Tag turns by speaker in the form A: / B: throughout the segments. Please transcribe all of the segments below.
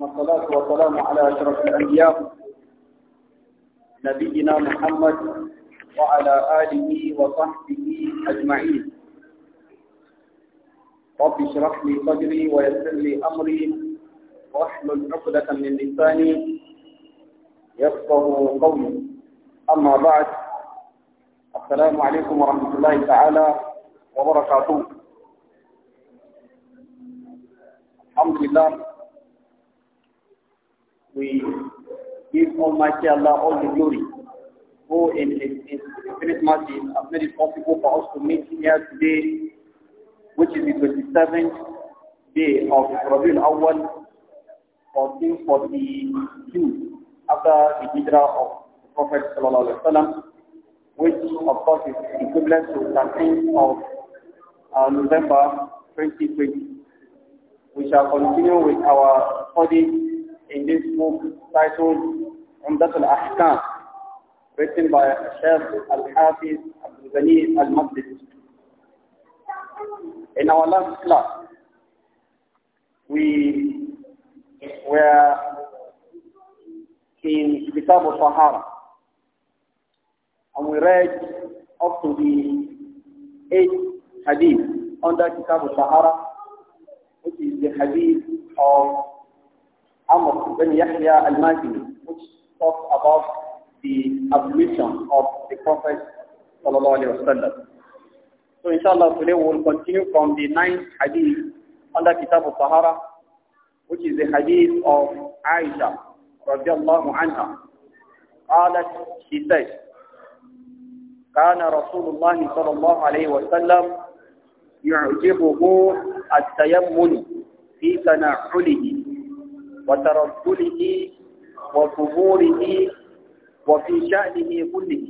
A: والصلاة والسلام على أشرف الأنبياء نبينا محمد وعلى آله وصحبه أجمعين رب اشرح لي صدري ويسر لي أمري واحلل عقدة من لساني يفقه قولي أما بعد السلام عليكم ورحمة الله تعالى وبركاته الحمد لله we give Almighty Allah all the glory who in His infinite mercy has made it possible for us to meet here today which is the 27th day of Rabiul Awwal 1442 after the hijrah of Prophet Sallallahu Alaihi Wasallam which of course is equivalent to 13th of uh, November 2020. We shall continue with our study in this book titled Umdat al-Ahkam, written by Sheikh Al-Hafiz Abdul Al-Masjid. In our last class, we were in Kitab al-Sahara, and we read up to the eighth hadith under Kitab al-Sahara, which is the hadith of Amr bin Yahya al-Mahdi, which talks about the ablution of the Prophet so inshallah today we will continue from the ninth hadith under Kitab al-Sahara, which is the hadith of Aisha radiallahu anha. قالت, she said, كان رسول الله صلى الله عليه وسلم يعجبه التيمن في تنعله وترسله وكبوره وفي شأنه كله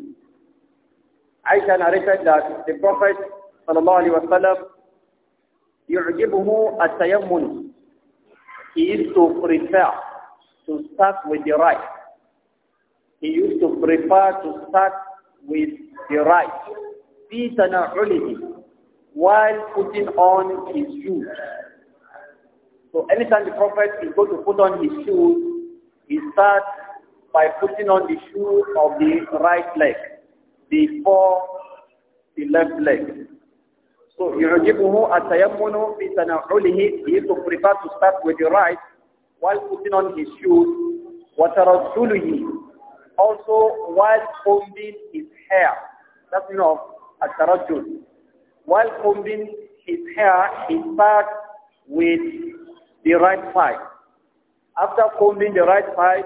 A: عيشة نعرفت that the صلى الله عليه وسلم يعجبه التيمن he used to prefer to start with the right he used to prefer to start with the right, fi tana'ulihi, while putting on his shoes. So anytime the Prophet is going to put on his shoes, he starts by putting on the shoe of the right leg before the left leg. So يعجبه التيمن في تنعله he is to prefer to start with the right while putting on his shoes وترسله also while combing his hair that's you know atarajul. While combing his hair, he starts with the right side. After combing the right side,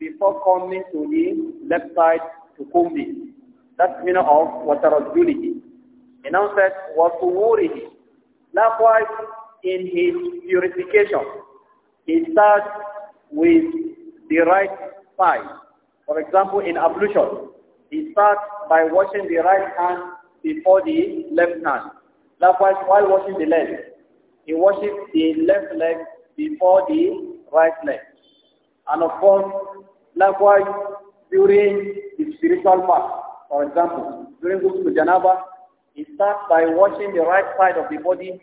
A: before coming to the left side to comb it. That's meaning of watarajulih. He now said wasumurihi. Likewise, in his purification, he starts with the right side. For example, in ablution, he starts by washing the right hand before the left hand. Likewise, while washing the leg, he washes the left leg before the right leg. And of course, likewise, during the spiritual part, for example, during Ghusl Janaba, he starts by washing the right side of the body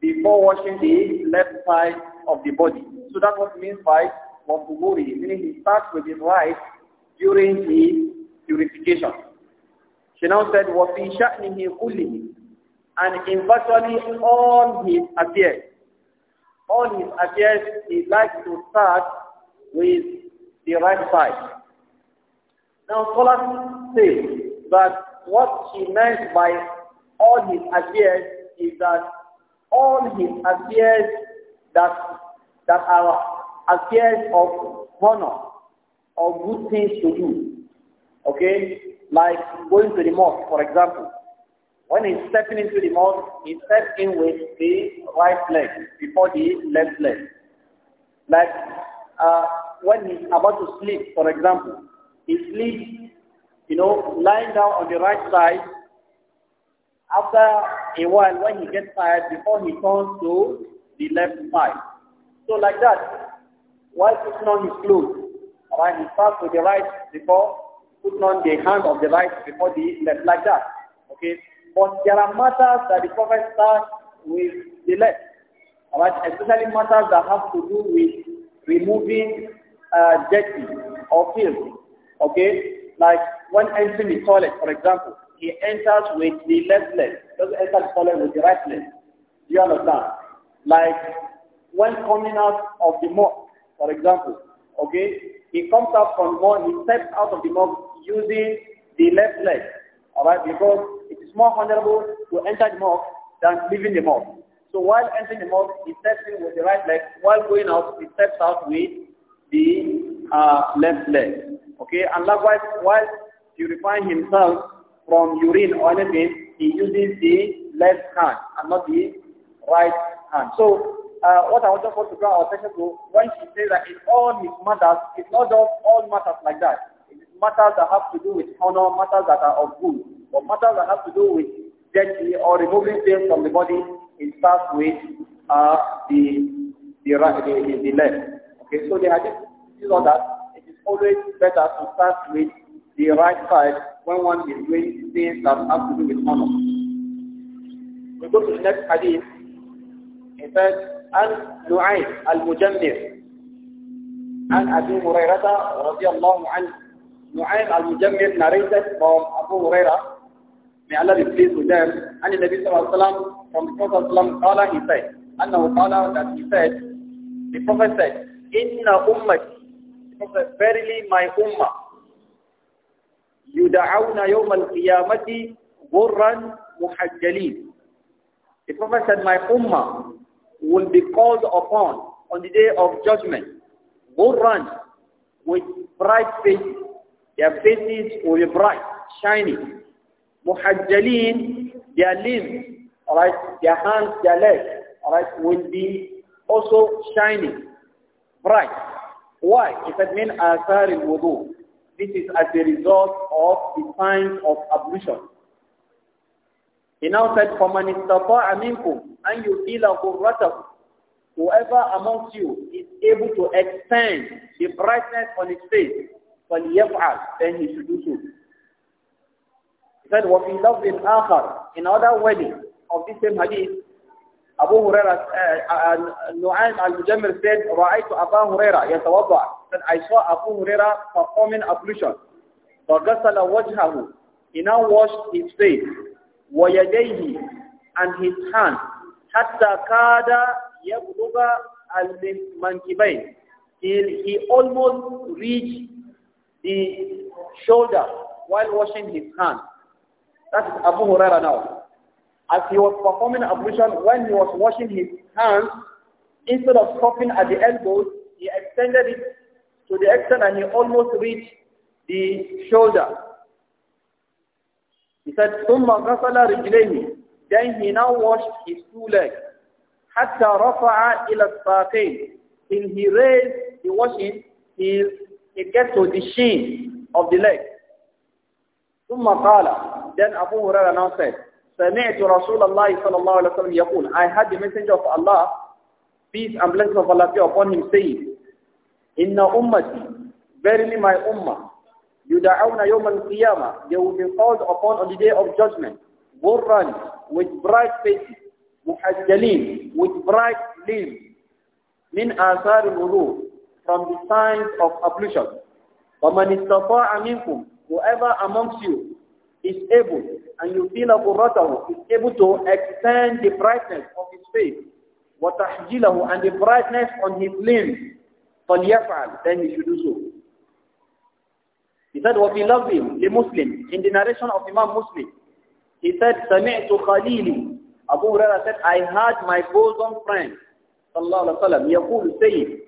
A: before washing the left side of the body. So that's what means by Wafuguri, meaning he starts with his right during the purification. She now said, وَفِي شَأْنِهِ كُلِّهِ And in virtually all his affairs, all his affairs, he likes to start with the right side. Now scholars says that what she meant by all his affairs is that all his affairs that that are affairs of honor of good things to do Okay? Like going to the mosque, for example. When he's stepping into the mosque, he steps in with the right leg before the left leg. Like uh, when he's about to sleep, for example, he sleeps, you know, lying down on the right side. After a while, when he gets tired, before he turns to the left side. So like that, while putting on his clothes, right, he starts with the right before put on the hand of the right before the left like that. Okay? But there are matters that the Prophet starts with the left. Alright? Especially matters that have to do with removing uh, dirty or filth. Okay? Like when entering the toilet, for example, he enters with the left leg. Doesn't enter the toilet with the right leg. Do you understand? Like when coming out of the mosque, for example, okay, he comes out from mosque, he steps out of the mosque using the left leg. Alright, because it is more honorable to enter the mosque than leaving the mosque. So while entering the mosque, he steps in with the right leg. While going out, he steps out with the uh, left leg. Okay, and likewise, while purifying himself from urine or anything, he uses the left hand and not the right hand. So uh, what I just want to draw our attention to when she says that in all his matters, it's not just all matters like that. It's matters that have to do with honor, matters that are of good, but matters that have to do with deadly or removing things from the body, it starts with uh, the, the, right, the, the, the left. Okay, so the hadith is all that. It is always better to start with the right side when one is doing things that have to do with honor. We go to the next hadith. It says, عن نعيم المجمر عن أبي هريرة رضي الله عنه نعيم المجمر نريد قوم أبو هريرة من الله يبليز دام عن النبي صلى الله عليه وسلم from the Prophet صلى الله عليه وسلم قال he said أنه قال that he said the Prophet said إن أمتي the Prophet verily my أمة يدعون يوم القيامة غرا محجلين the Prophet said my أمة will be called upon on the day of judgment. run with bright faces. Their faces will be bright, shining. Muhajjalin, their limbs, alright, their hands, their legs, alright, will be also shining, bright. Why? It had meant asar al-wudu. This is as a result of the signs of ablution. He now said, فَمَنْ إِسْتَطَاعَ and you feel غُرَّتَهُ Whoever amongst you is able to extend the brightness on his face, فَلْيَفْعَلْ Then he should do so. He said, "What he loved In other wedding of this same hadith, Abu Huraira, uh, uh, Nu'aym al-Mujammir said, رَأَيْتُ Abu Huraira يَتَوَضَّعْ Said, I saw Abu Huraira performing ablution. فَغَسَلَ وَجْهَهُ He now washed his face. ويديه and his hand حتى كاد يبلغ المنكبين till he almost reached the shoulder while washing his hand. That is Abu Huraira now. As he was performing ablution, when he was washing his hands, instead of stopping at the elbows, he extended it to the extent and he almost reached the shoulder. He said, ثُمَّ غَسَلَ رِجْلَيْهِ Then he now washed his two legs. حَتَّى رَفَعَ إِلَى السَّاقَيْنِ Till he raised, he washed it, he it gets to the shin of the leg. ثُمَّ قَالَ Then Abu Hurairah now said, سَمِعْتُ رَسُولَ اللَّهِ صَلَى اللَّهُ يَقُولُ I had the messenger of Allah, peace and blessings of Allah be upon him, saying, إِنَّ أُمَّتِي Verily my ummah, يُدَعَوْنَ يَوْمَ الْقِيَامَةِ They will be called upon on the day of judgment. غُرًّا With bright faces. مُحَجَّلِينَ With bright limbs. مِنْ آثَارِ الْوُضُوءِ From the signs of ablution. وَمَنِ اسْتَطَاعَ مِنْكُمْ Whoever amongst you is able, and you feel qurratahu, is able to extend the brightness of his face, وَتَحْجِلَهُ And the brightness on his limbs. فَلْيَفْعَلْ Then he should do so. He said, what him, the Muslim. In the narration of Imam Muslim, he said, سَمِعْتُ Khalili Abu Huraira said, I heard my bosom friend, sallallahu alayhi wa sallam, يقول saying,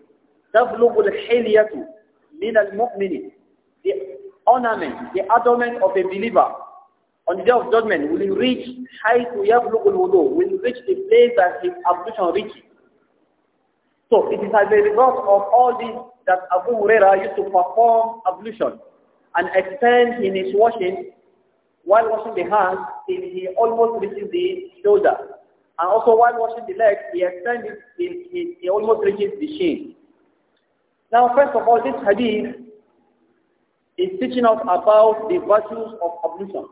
A: تَبْلُغُ الْحِلْيَةُ مِنَ الْمُؤْمِنِ The ornament, the adornment of a believer, on the day of judgment, will reach high to يَبْلُغُ الْوُضُوء, will reach the place that his ablution reaches. So it is as a result of all this that Abu Huraira used to perform ablution and extend in his washing while washing the hands till he almost reaches the shoulder. And also while washing the legs, he extends it till he, he almost reaches the shin. Now, first of all, this hadith is teaching us about the virtues of ablution.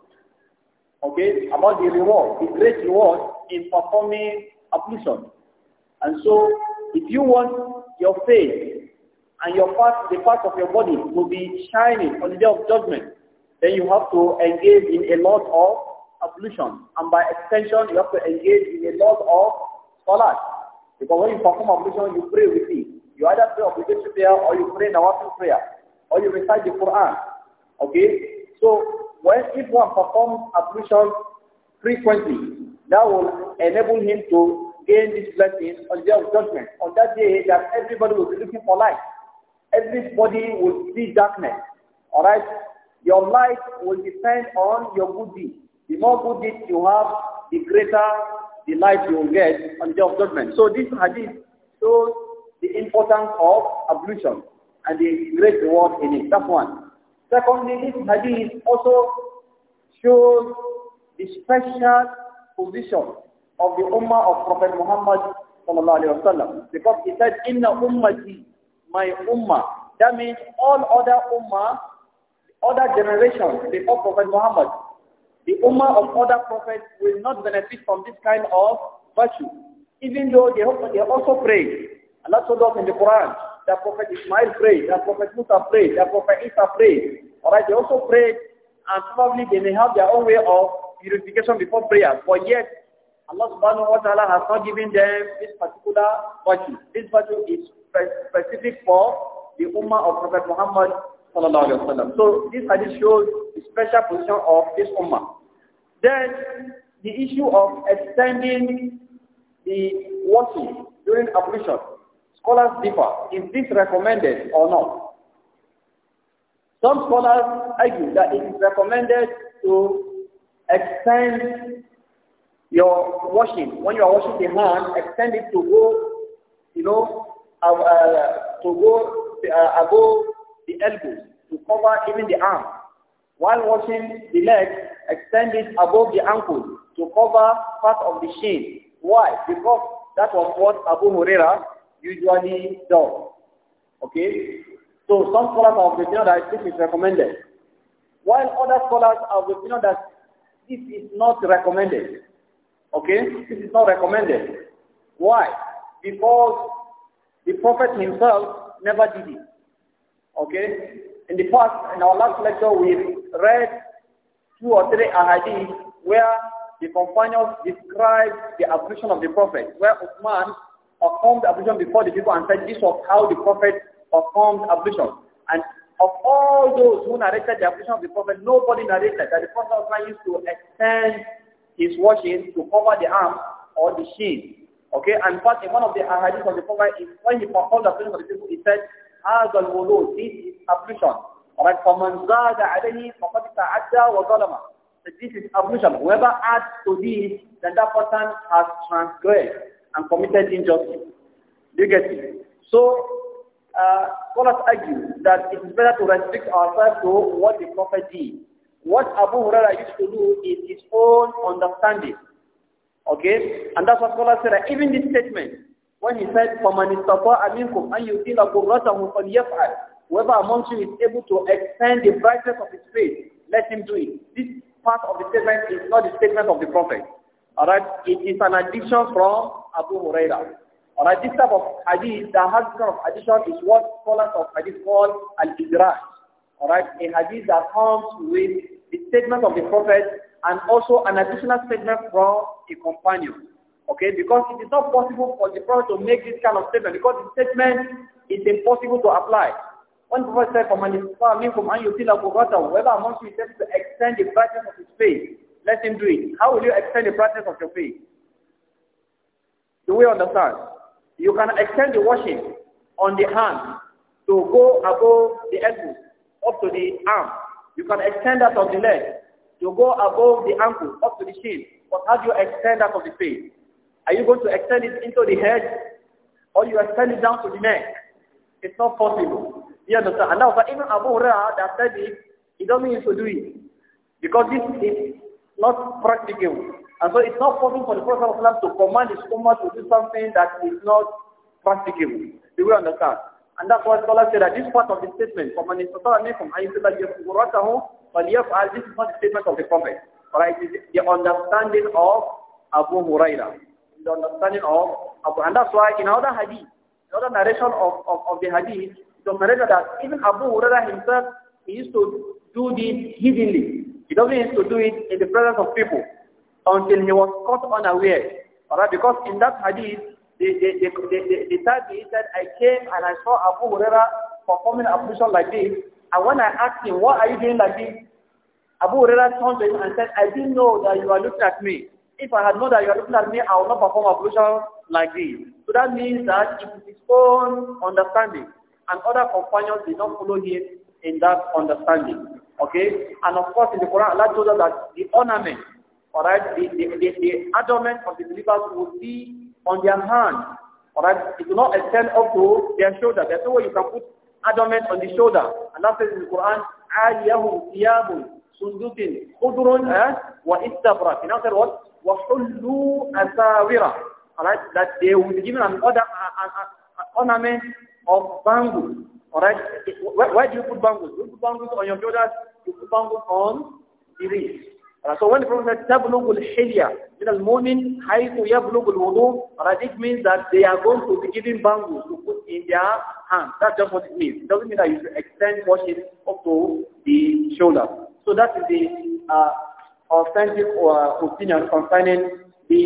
A: Okay, about the reward, the great reward in performing ablution. And so, if you want your faith and your part, the part of your body will be shining on the day of judgment, then you have to engage in a lot of ablution. And by extension, you have to engage in a lot of salat. Because when you perform ablution, you pray with it. You either pray obligatory prayer or you pray nawafil prayer. Or you recite the Quran. Okay? So, when if one performs ablution frequently, that will enable him to gain this blessing on the day of judgment. On that day that everybody will be looking for light everybody will see darkness. All right? Your light will depend on your good deeds. The more good deeds you have, the greater the light you will get on the day of judgment. So this hadith shows the importance of ablution and the great reward in it. That's one. Secondly, this hadith also shows the special position of the Ummah of Prophet Muhammad Because he said, Inna ummati my ummah. That means all other ummah, other generations before Prophet Muhammad, the ummah of other prophets will not benefit from this kind of virtue, even though they, they also pray. Allah told us in the Quran that Prophet Ismail prayed, that Prophet Musa prayed, that Prophet Isa prayed. Alright, they also prayed and probably they may have their own way of purification before prayer, but yet Allah subhanahu wa ta'ala has not given them this particular virtue. This virtue is specific for the Ummah of Prophet Muhammad So this hadith shows the special position of this Ummah. Then the issue of extending the washing during ablution. Scholars differ. Is this recommended or not? Some scholars argue that it is recommended to extend your washing. When you are washing the hand, extend it to go, you know, uh, to go uh, above the elbows to cover even the arm. While washing the leg, extend it above the ankle to cover part of the shin. Why? Because that was what Abu Huraira usually does. Okay? So some scholars of the opinion that this is recommended. While other scholars of the opinion that this is not recommended. Okay? This is not recommended. Why? Because the Prophet himself never did it. Okay? In the past, in our last lecture, we read two or three ahadith where the companions described the ablution of the Prophet, where Uthman performed ablution before the people and said this was how the Prophet performed ablution. And of all those who narrated the ablution of the Prophet, nobody narrated that the Prophet used to extend his washing to cover the arm or the sheath. Okay, and in fact, in one of the ahadith of the Prophet, is when he performed the prayer for the people, he said, هذا this is ablution. Alright, So this is ablution. Whoever adds to this, then that person has transgressed and committed injustice. Do you get it? So, uh, scholars argue that it is better to restrict ourselves to what the Prophet did. What Abu Huraira used to do is his own understanding. Okay? And that's what Scholar said, even this statement, when he said, فَمَنِ اسْتَطَاعَ مِنْكُمْ أَنْ يُطِيلَ قُرَّتَهُ فَلْيَفْعَلْ Whoever among you is able to extend the brightness of his faith, let him do it. This part of the statement is not the statement of the Prophet. Alright? It is an addition from Abu Huraira. Alright? This type of hadith, the hadith of addition is what scholars of hadith call al-idraj. Alright? A hadith that comes with the statement of the Prophet and also an additional statement from a companion. Okay, because it is not possible for the Prophet to make this kind of statement because the statement is impossible to apply. When the Prophet said, from whoever amongst you intends to extend the brightness of his faith, let him do it. How will you extend the brightness of your faith? Do we understand? You can extend the washing on the hand to go above the elbow, up to the arm. You can extend that on the leg you go above the ankle, up to the shin. But how do you extend that of the face? Are you going to extend it into the head? Or you extend it down to the neck? It's not possible. You understand? And now, but even Abu Hurairah that said it, he doesn't mean to do it. Because this is not practical. And so it's not possible for the Prophet to command his Ummah to do something that is not practicable. Do we understand? And that's why scholars say that this part of the statement, from an Isra from Ayyubillah, فَلْيَفْعَلْ This is not the statement of the Prophet. Alright, the understanding of Abu Huraira. The understanding of Abu. And that's why in other hadith, in other narration of, of, of the hadith, it was narrated that even Abu Huraira himself, he used to do this hiddenly. He doesn't used to do it in the presence of people until he was caught unaware. Alright, because in that hadith, the, the, the, the, the, the, the said, I came and I saw Abu Huraira performing a like this, and when I asked him, what are you doing like this? Abu Huraira turned to him and said, I didn't know that you are looking at me. If I had known that you are looking at me, I would not perform ablution like this. So that means that it is his own understanding. And other companions did not follow him in that understanding. Okay? And of course, in the Quran, Allah told us that the ornament, alright, the, the, the, the adornment of the believers will be on their hand. Alright? It will not extend up to their shoulder. There's no way you can put adornment on the shoulder. Allah says in the Quran, عَالِيَهُمْ ثِيَابٌ سُنْدُسٍ خُضْرٌ وَإِسْتَبْرَةٍ He now said what? وَحُلُّوا أَسَاوِرَ Alright, that they will be given an, order, an, an ornament of bangles. Alright, where, where do you put bangles? You put bangles on your shoulders, you put bangles on the wrist. Uh, so when the Prophet said, تَبْلُغُ الْحِلْيَةِ مِنَ الْمُؤْمِنِ حَيْثُ يَبْلُغُ الْوُضُوءُ Right, it means that they are going to be given bangles to put in their hands. That's just what it means. It doesn't mean that you should extend washing up to the shoulder. So that is the uh, authentic uh, opinion concerning the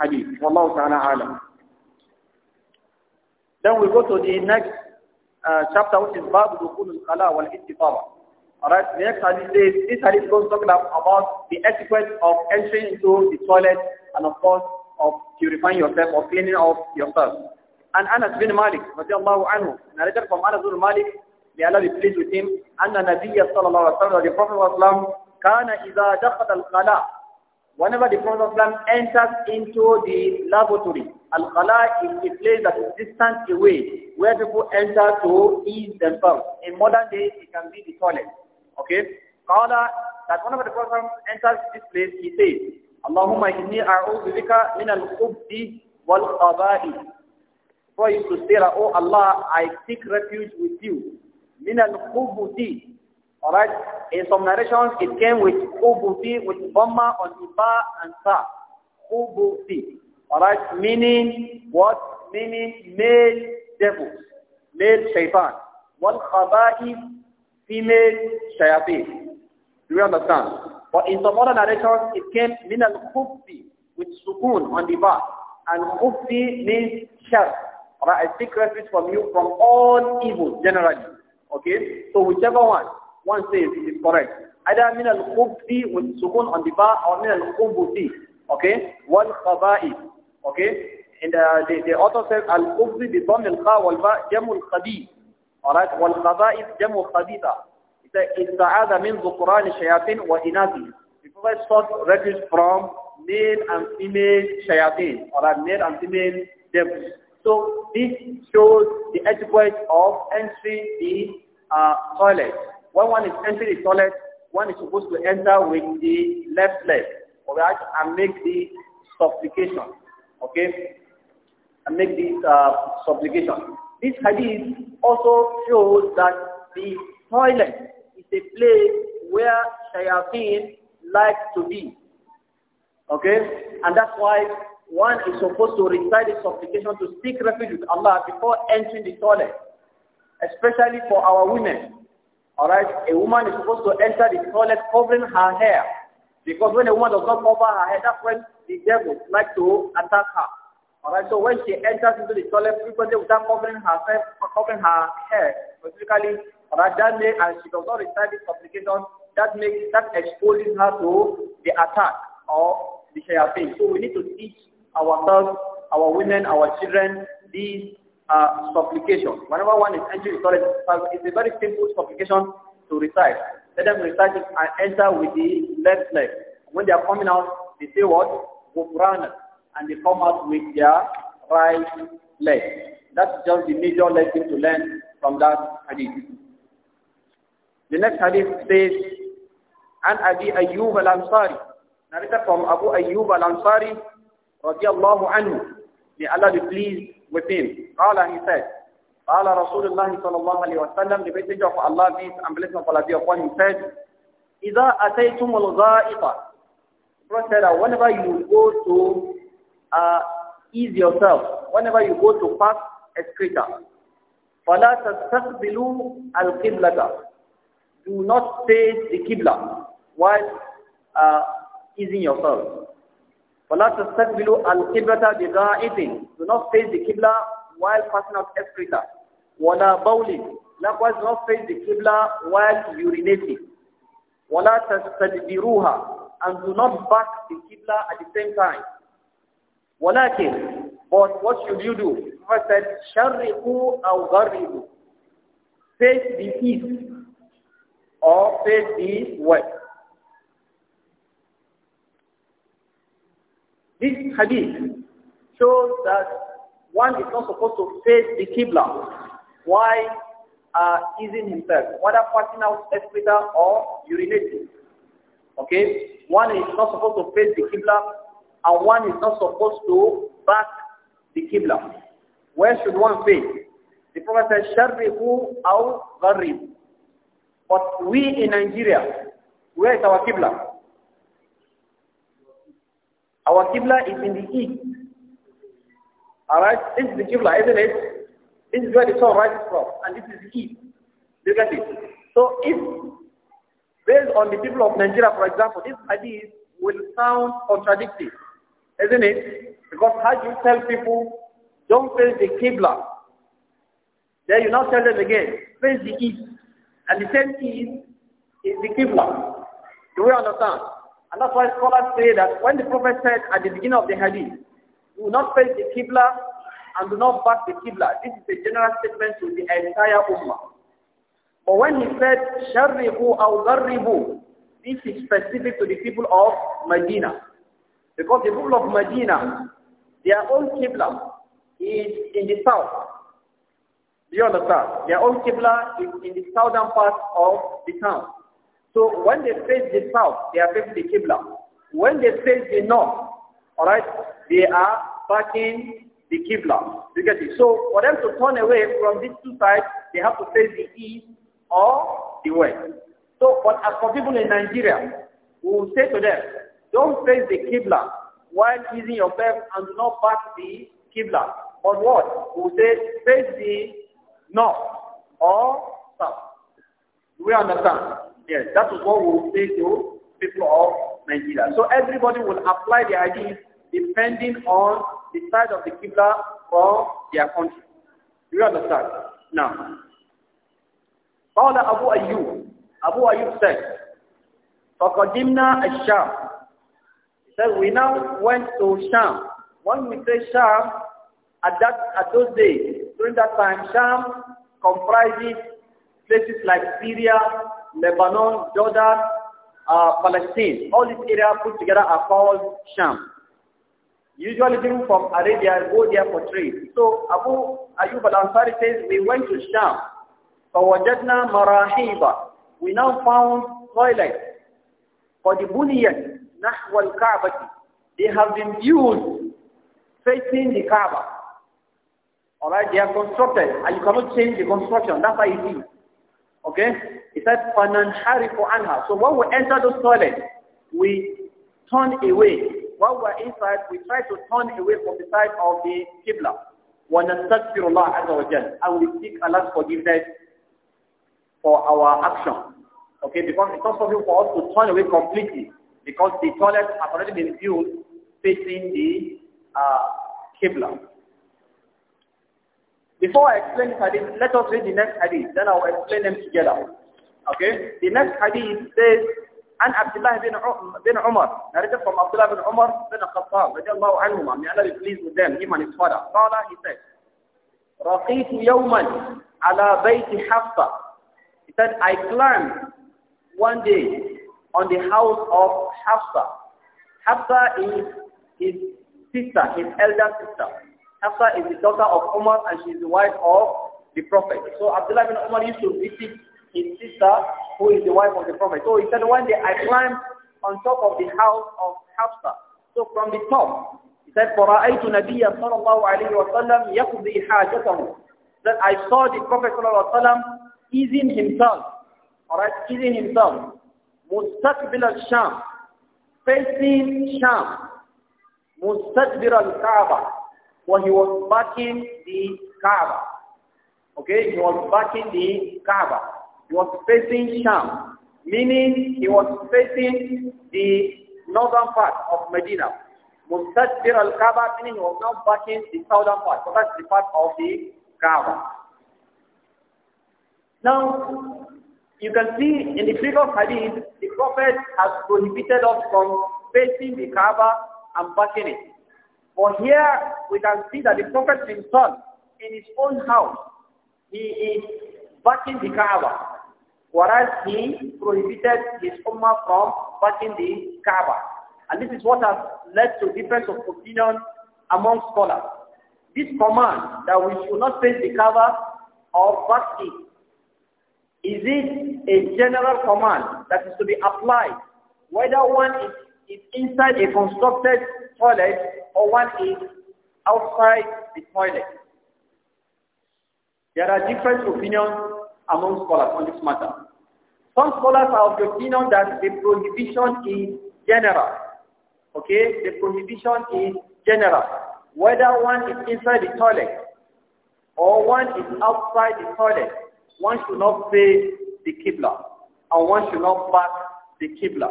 A: hadith. Wallahu ta'ala alam. Then we go to the next uh, chapter, which is about the al wal Alright, the next hadith says, this hadith goes talking about the etiquette of entering into the toilet and of course of purifying yourself or cleaning off yourself. And Anas bin Malik, radiallahu anhu, narrated from Anas bin Malik, may Allah be pleased with him, أن النبي صلى الله عليه وسلم, the Prophet وسلم, كان إذا دخل الخلاء Whenever the Prophet وسلم enters into the laboratory, Al-Khala is a place that is distant away, where people enter to ease themselves. In modern days, it can be the toilet. Okay? Qala, that one of the Prophet enters this place, he says, Allahumma inni a'udhu bika min al-khubdi wal-khaba'i. For you to say that, oh Allah, I seek refuge with you. Min al-khubdi. Alright? In some narrations, it came with khubdi, with dhamma on iba and sa. Khubdi. Alright? Meaning, what? Meaning male devils. Male shaitan. Wal-khaba'i female shayateen. Do you understand? But in some other narrations, it came min al khuffi with sukoon on the back. And khuffi means shar. Alright, I seek refuge from you from all evil generally. Okay? So whichever one one says it is correct. Either min al khuffi with sukoon on the back or min al khubuti. Okay? Wal khaba'i. Okay? And uh, the, the author says al khuffi bi dhamm al kha wal ba jamu al Alright, والقضاء is جمع خبيثة. استعاذ من ذكران الشياطين وإناثهم. The Prophet sought refuge from male and female shayateen, Alright, male and female devils. So this shows the etiquette of entering the uh, toilet. When one is entering the toilet, one is supposed to enter with the left leg, alright, and make the supplication, okay, and make the uh, supplication. This hadith also shows that the toilet is a place where shayateen like to be. Okay? And that's why one is supposed to recite the supplication to seek refuge with Allah before entering the toilet. Especially for our women. Alright? A woman is supposed to enter the toilet covering her hair. Because when a woman does not cover her hair, that's when the devil like to attack her. Alright, so when she enters into the toilet frequently without covering herself, covering her hair, specifically, alright, that may, and she does not recite this supplication, that makes, that exposes her to the attack of the shayateen. So we need to teach ourselves, our women, our children, these uh, supplications. Whenever one is entering the toilet, uh, it's a very simple supplication to recite. Let them recite it and enter with the left leg. When they are coming out, they say what? Gufrana and they come out with their right leg. That's just the major lesson to learn from that hadith. The next hadith says, An Abi Ayyub al-Ansari, narrated from Abu Ayyub al-Ansari, radiallahu anhu, may Allah be pleased with him. Qala, he said, "Allah Rasulullah الله صلى الله عليه وسلم the messenger of Allah peace and blessing of Allah be upon him said إذا أتيتم الغائطة Prophet said whenever you go to uh, ease yourself whenever you go to pass excreta. فَلَا تَسْتَقْبِلُوا الْقِبْلَةَ Do not face the Qibla while uh, easing yourself. فَلَا تَسْتَقْبِلُوا الْقِبْلَةَ بِغَائِفٍ Do not face the Qibla while passing out excreta. وَلَا بَوْلٍ Likewise, do not face the Qibla while urinating. وَلَا تَسْتَدْبِرُوهَا And do not back the Qibla at the same time. ولكن but what should you do? Prophet said, شرقوا أو غربوا. Face the east or face the west. This hadith shows that one is not supposed to face the Qibla Why uh, easing himself, whether passing out excreta or urinating. Okay? One is not supposed to face the Qibla and one is not supposed to back the Qibla. Where should one face? The Prophet said, Sharrihu al gharib. But we in Nigeria, where is our Qibla? Our Qibla is in the east. Alright, this is the Qibla, isn't it? This is where the sun rises from, and this is the east. Look at it. So if, based on the people of Nigeria, for example, this hadith will sound contradictory. Isn't it? Because how do you tell people, don't face the Qibla? Then you now tell them again, face the East. And the same East is the Qibla. Do we understand? And that's why scholars say that when the Prophet said at the beginning of the Hadith, "Do not face the Qibla and do not back the Qibla. This is a general statement to the entire Ummah. But when he said, شَرِّبُوا أَوْ غَرِّبُوا, this is specific to the people of Medina. Because the people of Medina, their own Qibla is in the south. Do you understand? Their own Qibla is in the southern part of the town. So when they face the south, they are facing the Qibla. When they face the north, all right, they are backing the Qibla. You get it? So for them to turn away from these two sides, they have to face the east or the west. So, but as for people in Nigeria, we will say to them, don't face the Qibla while easing yourself and do not pass the Qibla. But what? We say face the north or south. Do we understand? Yes, that is what we will say to people of Nigeria. So everybody will apply the ideas depending on the side of the Qibla for their country. Do you understand? Now, قال Abu Ayyub, Abu Ayyub said فقدمنا الشام then we now went to Sham. When we say Sham, at that at those days, during that time, Sham comprises places like Syria, Lebanon, Jordan, uh, Palestine. All these areas put together are called Sham. Usually people from Arabia go there for trade. So Abu Ayub al-Ansari says, we went to Sham. فَوَجَدْنَا مَرَاحِيبًا We now found toilets for the Buniyat. نحو الكعبة they have been built facing the Kaaba alright they are constructed and you cannot change the construction that's how it is okay it says فَنَنْحَرِفُ عَنْهَا so when we enter those toilets we turn away while we're inside, we try to turn away from the side of the Qibla. وَنَسْتَغْفِرُ اللَّهَ عَزَّ وَجَلَّ And we seek Allah's forgiveness for our action. Okay, because it's not something for us to turn away completely because the toilet has already been built facing the uh, Qibla. Before I explain this hadith, let us read the next hadith, then I will explain them together. Okay? The next hadith says, عن عبد الله بن عمر narrated from عبد الله بن عمر بن الخطاب رضي الله عنهما may Allah be pleased with them him and his father قال he said رقيت يوما على بيت حفصة he said I climbed one day on the house of Hafsa. Hafsa is his sister, his elder sister. Hafsa is the daughter of Umar and she is the wife of the Prophet. So Abdullah bin Umar used to visit his sister who is the wife of the Prophet. So he said one day I climbed on top of the house of Hafsa. So from the top, he said, فَرَأَيْتُ نَبِيًّا صَلَى اللَّهُ عَلَيْهِ وَسَلَّمْ يَقْضِي حَاجَتَهُ That I saw the Prophet صلى الله عليه وسلم easing himself, alright, easing himself. مستقبل الشام facing Sham مستقبل الكعبة when he was backing the Kaaba okay he was backing the Kaaba he was facing Sham meaning he was facing the northern part of Medina مستقبل الكعبة meaning he was now backing the southern part so that's the part of the Kaaba now you can see in the previous hadith, the Prophet has prohibited us from facing the Kaaba and backing it. But here we can see that the Prophet himself, in his own house, he is backing the Kaaba, whereas he prohibited his Ummah from backing the Kaaba. And this is what has led to difference of opinion among scholars. This command that we should not face the Kaaba or back it is it a general command that is to be applied, whether one is, is inside a constructed toilet or one is outside the toilet? There are different opinions among scholars on this matter. Some scholars are of the opinion that the prohibition is general. Okay, the prohibition is general. Whether one is inside the toilet or one is outside the toilet, one should not face the Qibla and one should not pass the Qibla.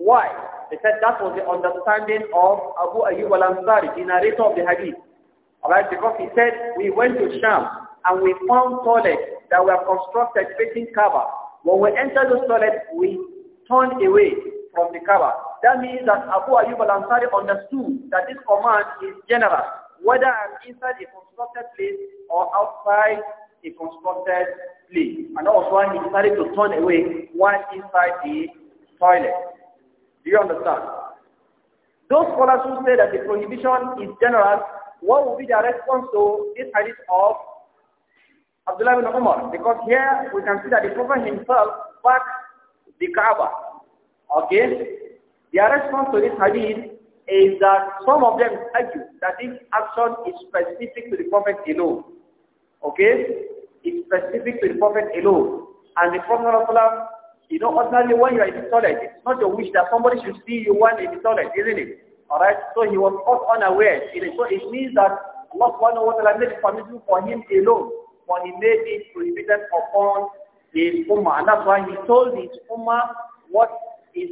A: Why? They said that was the understanding of Abu Ayyub al-Ansari, the narrator of the Hadith. Alright, because he said, we went to Sham and we found toilets that were constructed facing Kaaba. When we entered the toilet, we turned away from the Kaaba. That means that Abu Ayyub al-Ansari understood that this command is general, whether I'm inside a constructed place or outside he constructed place. And that was why he decided to turn away while inside the toilet. Do you understand? Those scholars who say that the prohibition is general, what will be their response to this hadith of Abdullah ibn Umar? Because here we can see that the Prophet himself backed the Kaaba. Okay? Their response to this hadith is that some of them argue that this action is specific to the Prophet alone okay, it's specific to the Prophet alone. And the Prophet Allah, you know, ordinarily when you are in the toilet, it's not your wish that somebody should see you when in the toilet, isn't it? Alright, so he was caught unaware. So it means that Allah subhanahu wa ta'ala made permission for him alone, for he made it prohibited upon his ummah. And that's why he told his ummah what is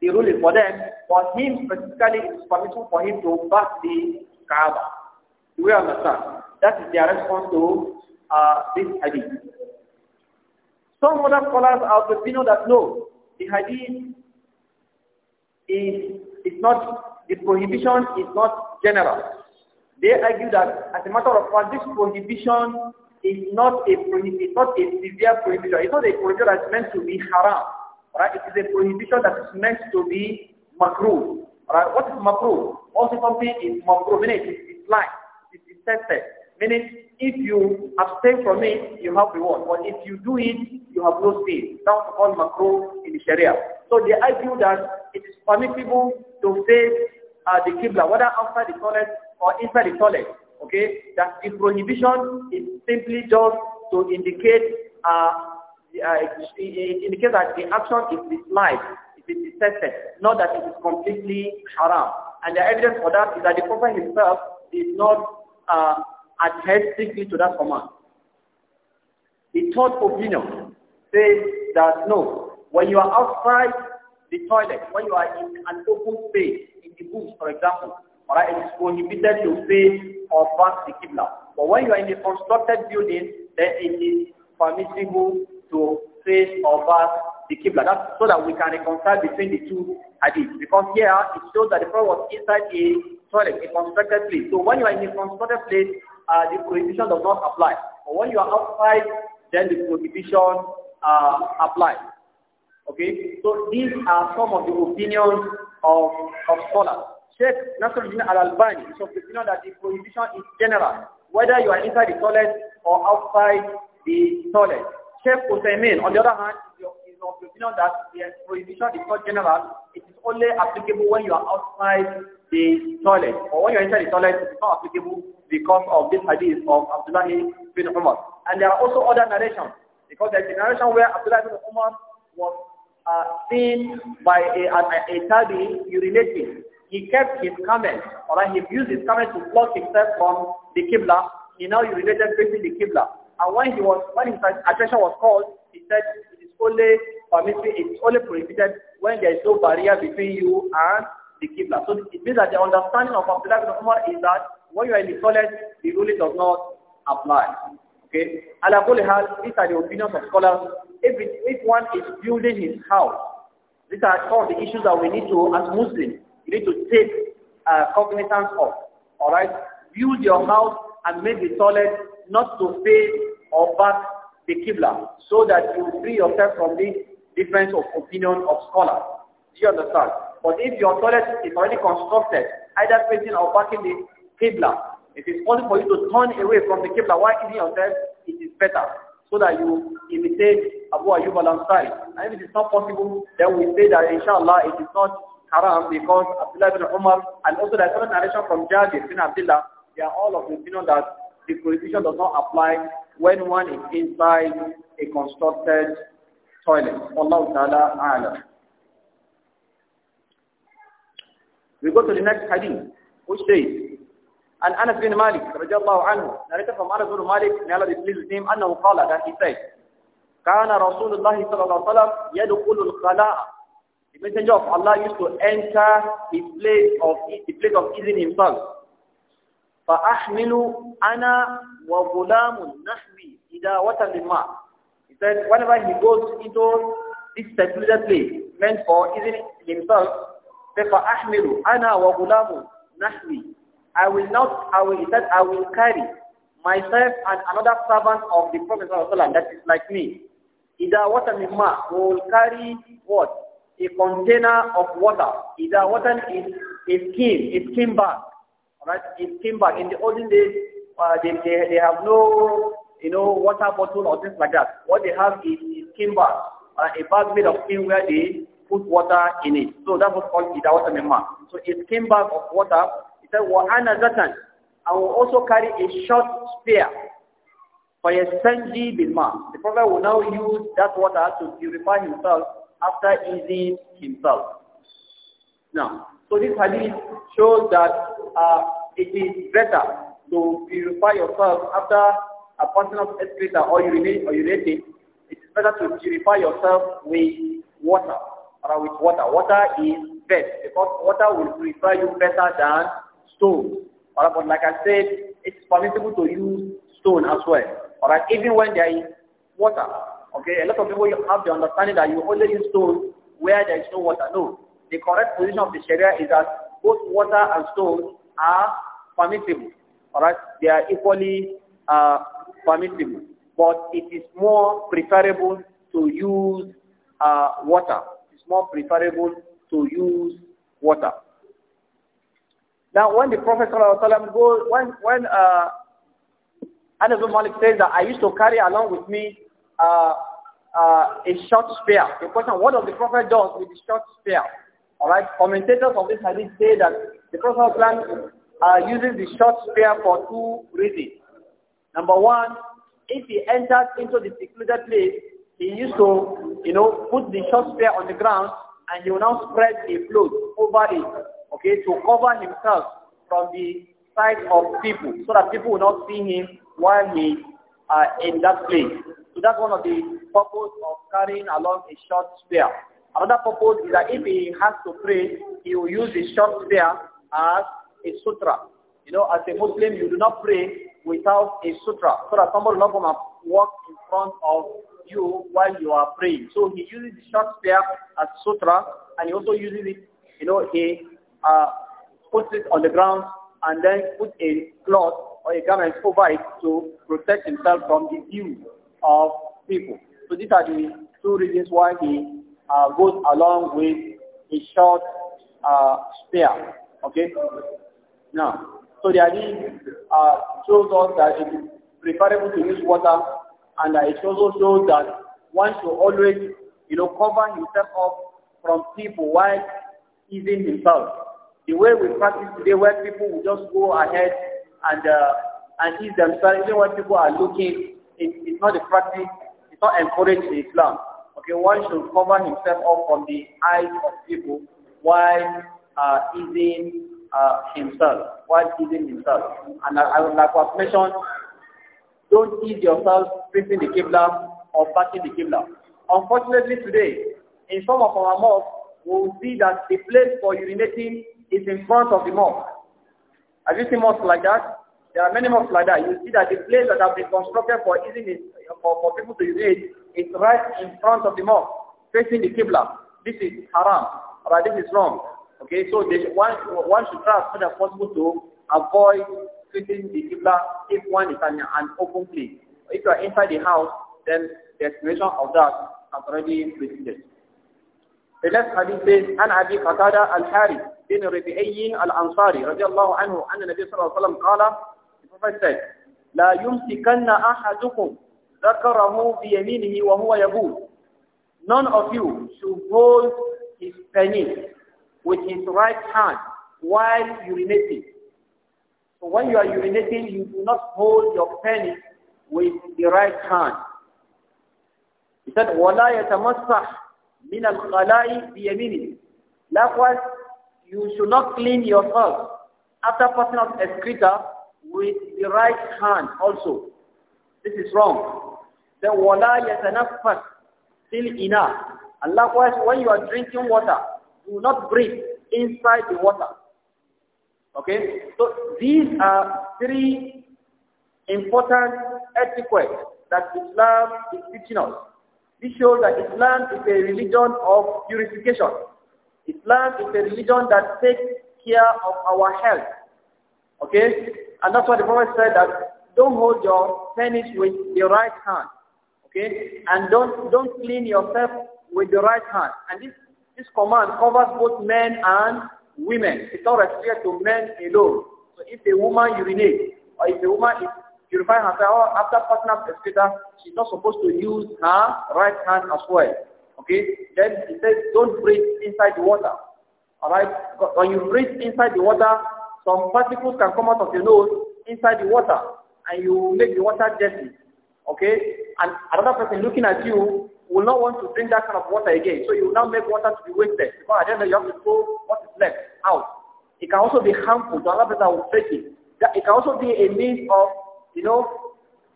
A: the ruling for them. For him specifically, it's permissible for him to back the Kaaba. Do we understand? That is their response to uh, this hadith. Some other scholars are of the opinion that no, the hadith is, is not, the prohibition is not general. They argue that as a matter of fact, this prohibition is not a prohibition, not a severe prohibition. It's not a prohibition that's meant to be haram. Right? It is a prohibition that is meant to be makruh. Right? What is makruh? Also something is makruh, meaning it is like, it is tested. Meaning, if you abstain from it, you have reward. But if you do it, you have no sin. That's all macro in the Sharia. So they argue that it is permissible to face uh, the Qibla, whether outside the toilet or inside the toilet. Okay? That the prohibition is simply just to indicate uh, uh, that the action is disliked, it is detested, not that it is completely haram. And the evidence for that is that the Prophet himself did not uh, adhered strictly to that command. The third opinion says that no, when you are outside the toilet, when you are in an open space, in the bush, for example, all right, it is prohibited to face or pass the Qibla. But when you are in a constructed building, then it is permissible to face or pass the Qibla. That's so that we can reconcile between the two hadiths. Because here, it shows that the Prophet was inside a toilet, a constructed place. So when you are in a constructed place, uh, the prohibition does not apply. But when you are outside, then the prohibition uh, applies. Okay, so these are some of the opinions of, of scholars. Sheikh Nasruddin al-Albani is of the opinion that the prohibition is general, whether you are inside the toilet or outside the toilet. Sheikh Hussein, on the other hand, is of the opinion that the prohibition is not general, it is only applicable when you are outside the toilet. Or when you enter the toilet, it's not applicable because of this hadith of Abdullah bin Umar. And there are also other narrations. Because there's a narration where Abdullah bin Umar was uh, seen by a, a, a tabi urinating. He kept his camel, or right? he used his camel to block himself from the Qibla. He now urinated facing the Qibla. And when he was, when his attention was called, he said, it is only permitted, it's only prohibited when there is no barrier between you and the Qibla. So it means that the understanding of Abdullah ibn Umar is that when you are in the toilet, the ruling does not apply. Okay? Alakulihal, these are the opinions of scholars. If, it, if one is building his house, these are all the issues that we need to, as Muslims, you need to take uh, cognizance of. Alright? Build your house and make the toilet not to face or back the Qibla so that you free yourself from this difference of opinion of scholars. Do you understand? But if your toilet is already constructed, either facing or backing the Qibla, it is possible for you to turn away from the Qibla while eating yourself, it is better. So that you imitate Abu Ayyub al-Ansari. And if it is not possible, then we say that inshallah it is not haram because Abdullah ibn Umar and also the other narration from Jabir bin Abdullah, they are all of the opinion that the prohibition does not apply when one is inside a constructed toilet. Allah Ta'ala A'lam. We go to the next hadith, which says, And Anas bin Malik, radiallahu anhu, narrated from Anas bin Malik, may Allah be pleased name him, أنه that he said, كان رسول الله صلى الله عليه وسلم الخلاء The messenger of Allah used to enter the place of, the place of easing himself. فأحمل أنا وغلام نحوي إداوة للماء He said, whenever he goes into this secluded place, meant for easing himself, فأحمل أنا وغلام نحوي I will not, I will, that I will carry myself and another servant of the Prophet that is like me. Ida water mimma will carry what? A container of water. Ida water is a skin, a skin bag. Alright, a skin bag. In the olden days, uh, they, they, they have no, you know, water bottle or things like that. What they have is a skin bag, uh, a bag made of skin where they put water in it. So that was called idawata mimma. So it came back of water. It said, وَأَنَا zatan. I will also carry a short spear. فَيَسْتَنْجِي bilma. The Prophet will now use that water to purify himself after easing himself. Now, so this hadith shows that uh, it is better to purify yourself after a personal of excreta or urinate or urinating. It is better to purify yourself with water. Uh, with water. Water is best because water will prefer you better than stone. Alright, but like I said, it's permissible to use stone as well. Alright, even when there is water. Okay, a lot of people have the understanding that you only use stone where there is no water. No. The correct position of the Sharia is that both water and stone are permissible. Alright, they are equally uh, permissible. But it is more preferable to
B: use
A: uh, water more preferable to use water. Now, when the Prophet ﷺ goes, when, when uh, Anas bin Malik says that I used to carry along with me uh, uh, a short spear. The question, what does the Prophet do with the short spear? Alright, commentators of this hadith say that the Prophet ﷺ uh, uses the short spear for two reasons. Number one, if he enters into the secluded place, he used to, you know, put the short spear on the ground and he will now spread a cloth over it, okay, to cover himself from the sight of people so that people will not see him while he uh, in that place. So that's one of the purpose of carrying along a short spear. Another purpose is that if he has to pray, he will use his short spear as a sutra. You know, as a Muslim, you do not pray without a sutra so that somebody will not come and walk in front of you while you are praying. So he uses the short spear as sutra, and he also uses it, you know, he uh, puts it on the ground and then put a cloth or a garment over it to protect himself from the view of people. So these are the two reasons why he uh, goes along with a short uh, spear. Okay? Now, so the idea uh, shows us that it is preferable to use water and uh, it also shows that one should always, you know, cover himself up from people while easing himself. The way we practice today, where people will just go ahead and uh, and ease themselves, even when people are looking, it, it's not a practice. It's not encouraged in Islam. Okay, one should cover himself up from the eyes of people while uh, easing uh, himself, while easing himself. And I would like to mention don't ease yourself facing the Qibla or facing the Qibla. Unfortunately today, in some of our mosques, we will see that the place for urinating is in front of the mosque. Have you seen mosques like that? There are many mosques like that. You see that the place that have been constructed for easing is, for, for people to urinate is right in front of the mosque, facing the Qibla. This is haram. Right? This is wrong. Okay, so they, one, one should try as much as possible to avoid the if one is in an open place. If you are inside the house, then the explanation of that has already preceded. The next hadith says, The Prophet said, لا يمسكن أحدكم ذكره بيمينه وهو None of you should hold his penis with his right hand while urinating. So when you are urinating, you do not hold your penis with the right hand. He said, وَلَا يَتَمَسَّحْ مِنَ الْخَلَاءِ بِيَمِينِهِ Likewise, you should not clean yourself after passing out excreta with the right hand also. This is wrong. The wala yatanaffas still enough. And likewise, when you are drinking water, do not breathe inside the water. Okay? So these are three important etiquette that Islam is teaching us. This shows that Islam is a religion of purification. Islam is a religion that takes care of our health. Okay? And that's why the Prophet said that don't hold your penis with your right hand. Okay? And don't don't clean yourself with the right hand. And this, this command covers both men and women. It's not restricted to men alone. So if a woman urinates, or if a woman is purifying herself after partner excreta, she's not supposed to use her right hand as well. Okay? Then he says, don't breathe inside the water. Alright? When you breathe inside the water, some particles can come out of your nose inside the water, and you make the water dirty. Okay? And another person looking at you will not want to drink that kind of water again. So you will now make water to be wasted because at the end of the you have to throw what is left out. It can also be harmful to another person who take it. It can also be a means of, you know,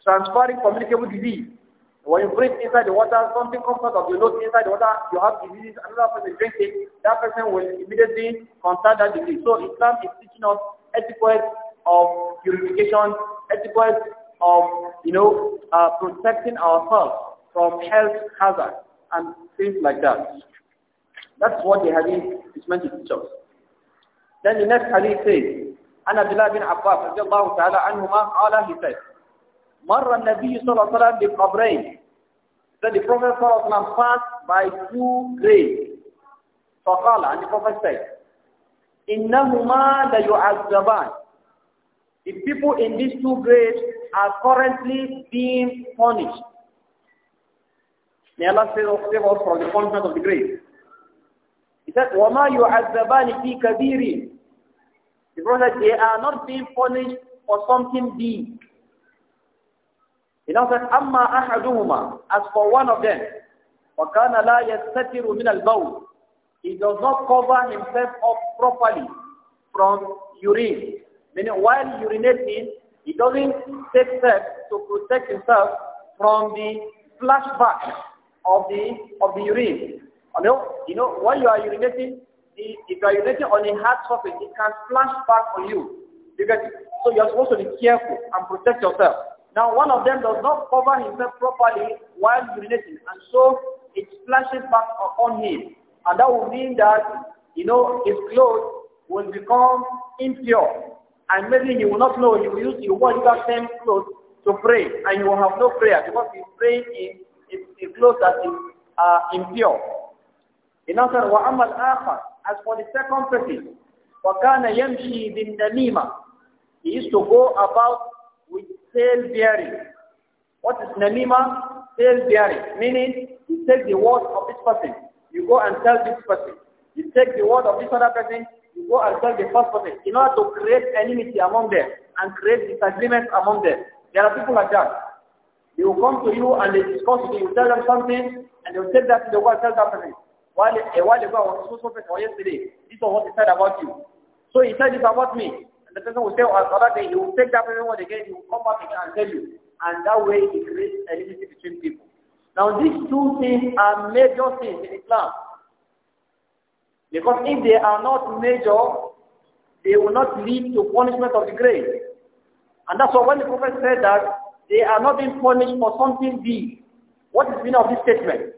A: transferring communicable disease. When you breathe inside the water, something comes out of your nose inside the water, you have disease, another person drinks it, that person will immediately contract that disease. So Islam is teaching us etiquette of purification, etiquette of, you know, uh, protecting ourselves from health hazard and things like that. That's what the hadith is meant to teach us. Then the next hadith says, عن عبد الله بن عباس رضي الله تعالى عنهما قال he said, مر النبي صلى الله عليه وسلم بقبرين Then the Prophet صلى الله عليه وسلم passed by two graves. فقال and the Prophet said, إنهما ليعذبان The people in these two graves are currently being punished. Allah save from the punishment of the grave. He said, وَمَا يُعَذَّبَانِ فِي كَبِيرٍ The Prophet said, they are not being punished for something big. He now said, أَمَّا أَحَدُهُمَا As for one of them, وَكَانَ لَا يَسْتَتِرُ مِنَ الْبَوْلِ He does not cover himself up properly from urine. Meaning while urinating, he doesn't take steps to protect himself from the flashback of the of the urine. You know, you know when you are urinating, if you are urinating on a hard surface, it can splash back on you. Because so you're supposed to be careful and protect yourself. Now one of them does not cover himself properly while urinating, and so it splashes back on him, and that will mean that you know his clothes will become impure, and maybe he will not know he will use he will use that same clothes to pray, and he will have no prayer because he's praying in a clothes that is uh, impure. In other words, وَأَمَّا الْآخَرِ As for the second person, وَكَانَ يَمْشِي بِالنَّمِيمَةِ He used to go about with tail bearing. What is namima? Tail bearing. Meaning, you take the word of this person, you go and tell this person. You take the word of this other person, you go and tell the first person. In order to create enmity among them and create disagreement among them. There are people like that. They will come to you and they discuss with you. You tell them something and they will tell that to the world tell that person. While, a eh, while ago I was so so or yesterday, this is what he said about you. So he said this about me. And the person will say, oh, another day, he will take that person again, he will come back again and tell you. And that way it creates a enmity between people. Now these two things are major things in Islam. Because if they are not major, they will not lead to punishment of the grave. And that's why when the Prophet said that they are not being punished for something big. What is the meaning of this statement?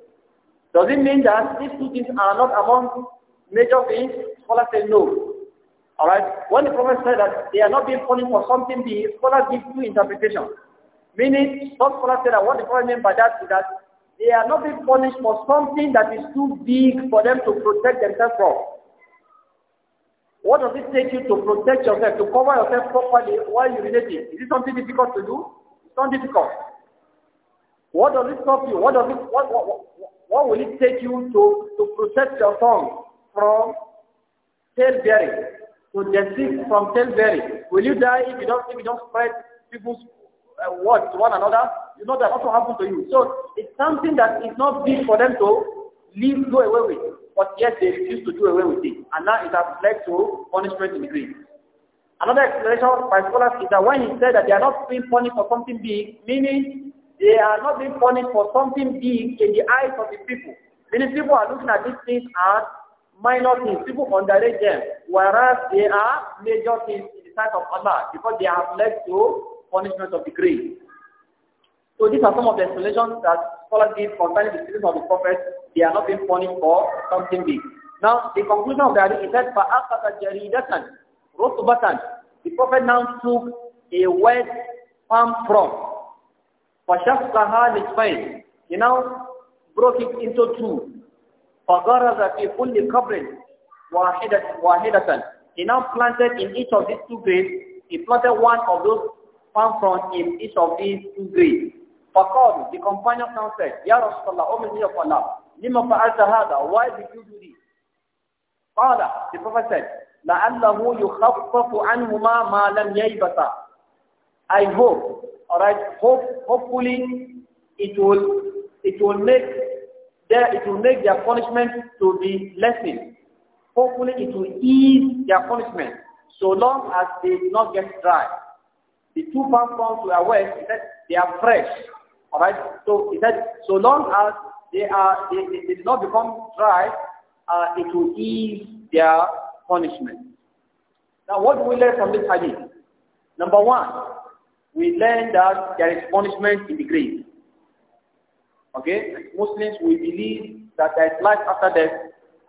A: Does it mean that these two things are not among major things? Scholars say no. Alright? When the Prophet said that they are not being punished for something big, scholars give two interpretations. Meaning, some scholars say that what the Prophet meant by that is that they are not being punished for something that is too big for them to protect themselves from. What does it take you to protect yourself, to cover yourself properly while urinating? Is it something difficult to do? It's not difficult. What does it cost you? What does it what what, what, what will it take you to, to protect your tongue from bearing To deceive from bearing? Will you die if you don't if you don't spread people's uh, words to one another? You know that also happened to you. So it's something that is not big for them to leave, do away with. But yet they refuse to do away with it. And now it has led to punishment in Greece. Another explanation by scholars is that when he said that they are not being punished for something big, meaning they are not being punished for something big in the eyes of the people. Meaning people are looking at these things as minor things. People underrate them, whereas they are major things in the sight of Allah because they have led to punishment of the grave. So these are some of the explanations that scholars give concerning the students of the Prophet. They are not being punished for something big. Now, the conclusion of that for is that فَأَخَذَ جَرِيدَةً Rotubatan, the Prophet now took a wet palm prop. is fine. He now broke it into two. فَغَرَزَ فِي كُلِّ قَبْرٍ وَاحِدَةً He now planted in each of these two graves, he planted one of those palm fronds in each of these two graves. فَقَالُ The companion now said, يَا رَسُولَ اللَّهِ O Messenger of Allah, لِمَ فَعَلْتَ هَذَا Why did you do this? Father, The Prophet said, لعله يخفف عنهما ما لم I hope, alright, hope, hopefully it will, it will make their, it will make their punishment to be lessened. Hopefully it will
B: ease
A: their punishment so long as they do not get dry. The two platforms were wet, he said they are fresh. Alright, so he said so long as they are, they, they, they do not become dry, uh, it will ease their punishment. Now, what do we learn from this hadith? Number one, we learn that there is punishment in the grave. Okay? Muslims, we believe that there is life after death,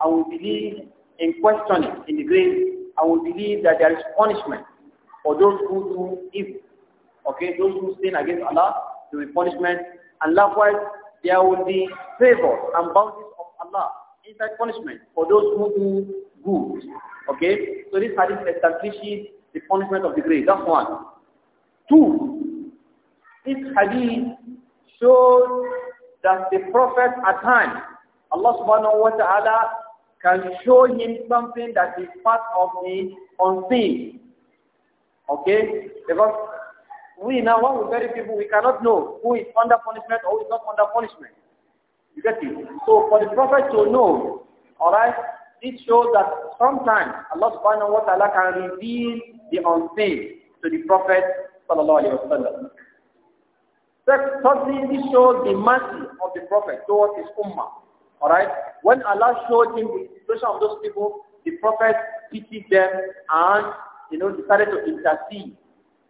A: and we believe in questioning in the grave, and we believe that there is punishment for those who do evil. Okay? Those who sin against Allah, there will be punishment. And likewise, there will be favor and bounties of Allah inside punishment for those who do good. Okay? So this hadith establishes the punishment of the grave. That's one. Two, this hadith shows that the prophet at hand, Allah subhanahu wa ta'ala can show him something that is part of the unseen. Okay? Because we now, when we bury people, we cannot know who is under punishment or who is not under punishment. You get it? So for the prophet to know, alright, this shows that sometimes Allah subhanahu wa ta'ala can reveal the unseen to the Prophet sallallahu alayhi wa sallam. Thirdly, this shows the mercy of the Prophet towards his ummah. Alright? When Allah showed him the situation of those people, the Prophet pitied them and you know decided to intercede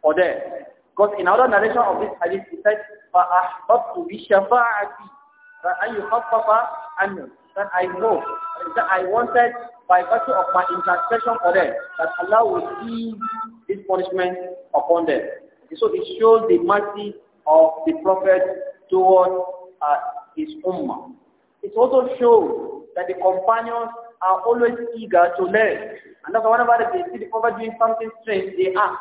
A: for them. Because in other narration of this hadith, he said, فَأَحْبَبْتُ بِشَفَاعَتِي فَأَنْ يُخَفَّفَ عَنْهُ That I know that I wanted by virtue of my intercession for them that Allah will ease this punishment upon them. And so it shows the mercy of the Prophet towards uh, his ummah. It also shows that the companions are always eager to learn. And that's whenever they see the Prophet doing something strange, they ask.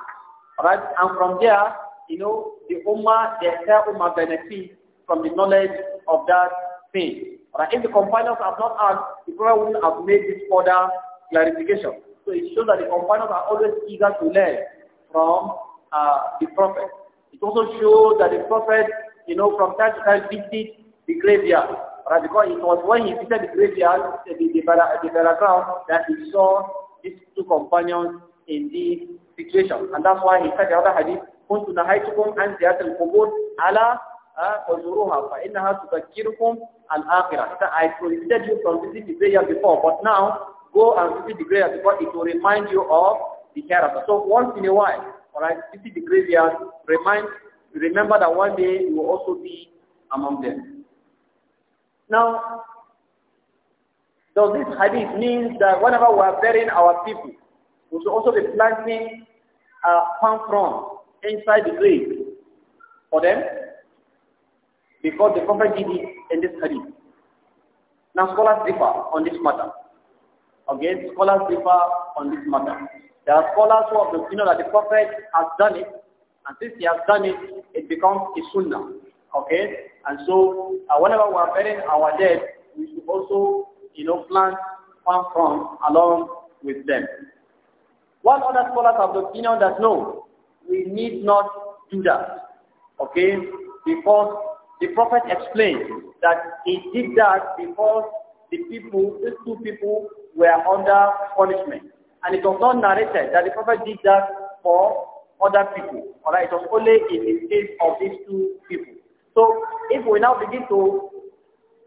A: Right? And from there, you know, the Ummah, their entire Ummah benefits from the knowledge of that thing. Right? If the compilers have not asked, the Prophet wouldn't have made this further clarification. So it shows that the compilers are always eager to learn from uh, the Prophet. It also shows that the Prophet, you know, from time to time visited the graveyard. Right? Because it was when he visited the graveyard, the, the, the that he saw these two companions in this situation. And that's why he said the other hadith, and the other زيارة القبور على فزوروها فإنها تذكركم الآخرة. I prohibited you from visiting the graveyard before, but now go and visit the graveyard because it will remind you of the hereafter. So once in a while, all right, visit the graveyard, remind, remember that one day you will also be among them. Now, so this hadith means that whenever we are burying our people, we should also be planting a uh, palm frond inside the grave for them because the Prophet did it in this hadith. Now scholars differ on this matter. Again, scholars differ on this matter. There are scholars who have you know that the Prophet has done it, and since he has done it, it becomes a sunnah. Okay? And so, uh, whenever we are burying our dead, we should also, you know, plant palm fronds along with them. One other scholar have the opinion that no, we need not do that. Okay? Because the Prophet explained that he did that because the people, these two people were under punishment. And it was not narrated that the Prophet did that for other people. Alright, it was only in the case of these two people. So if we now begin to,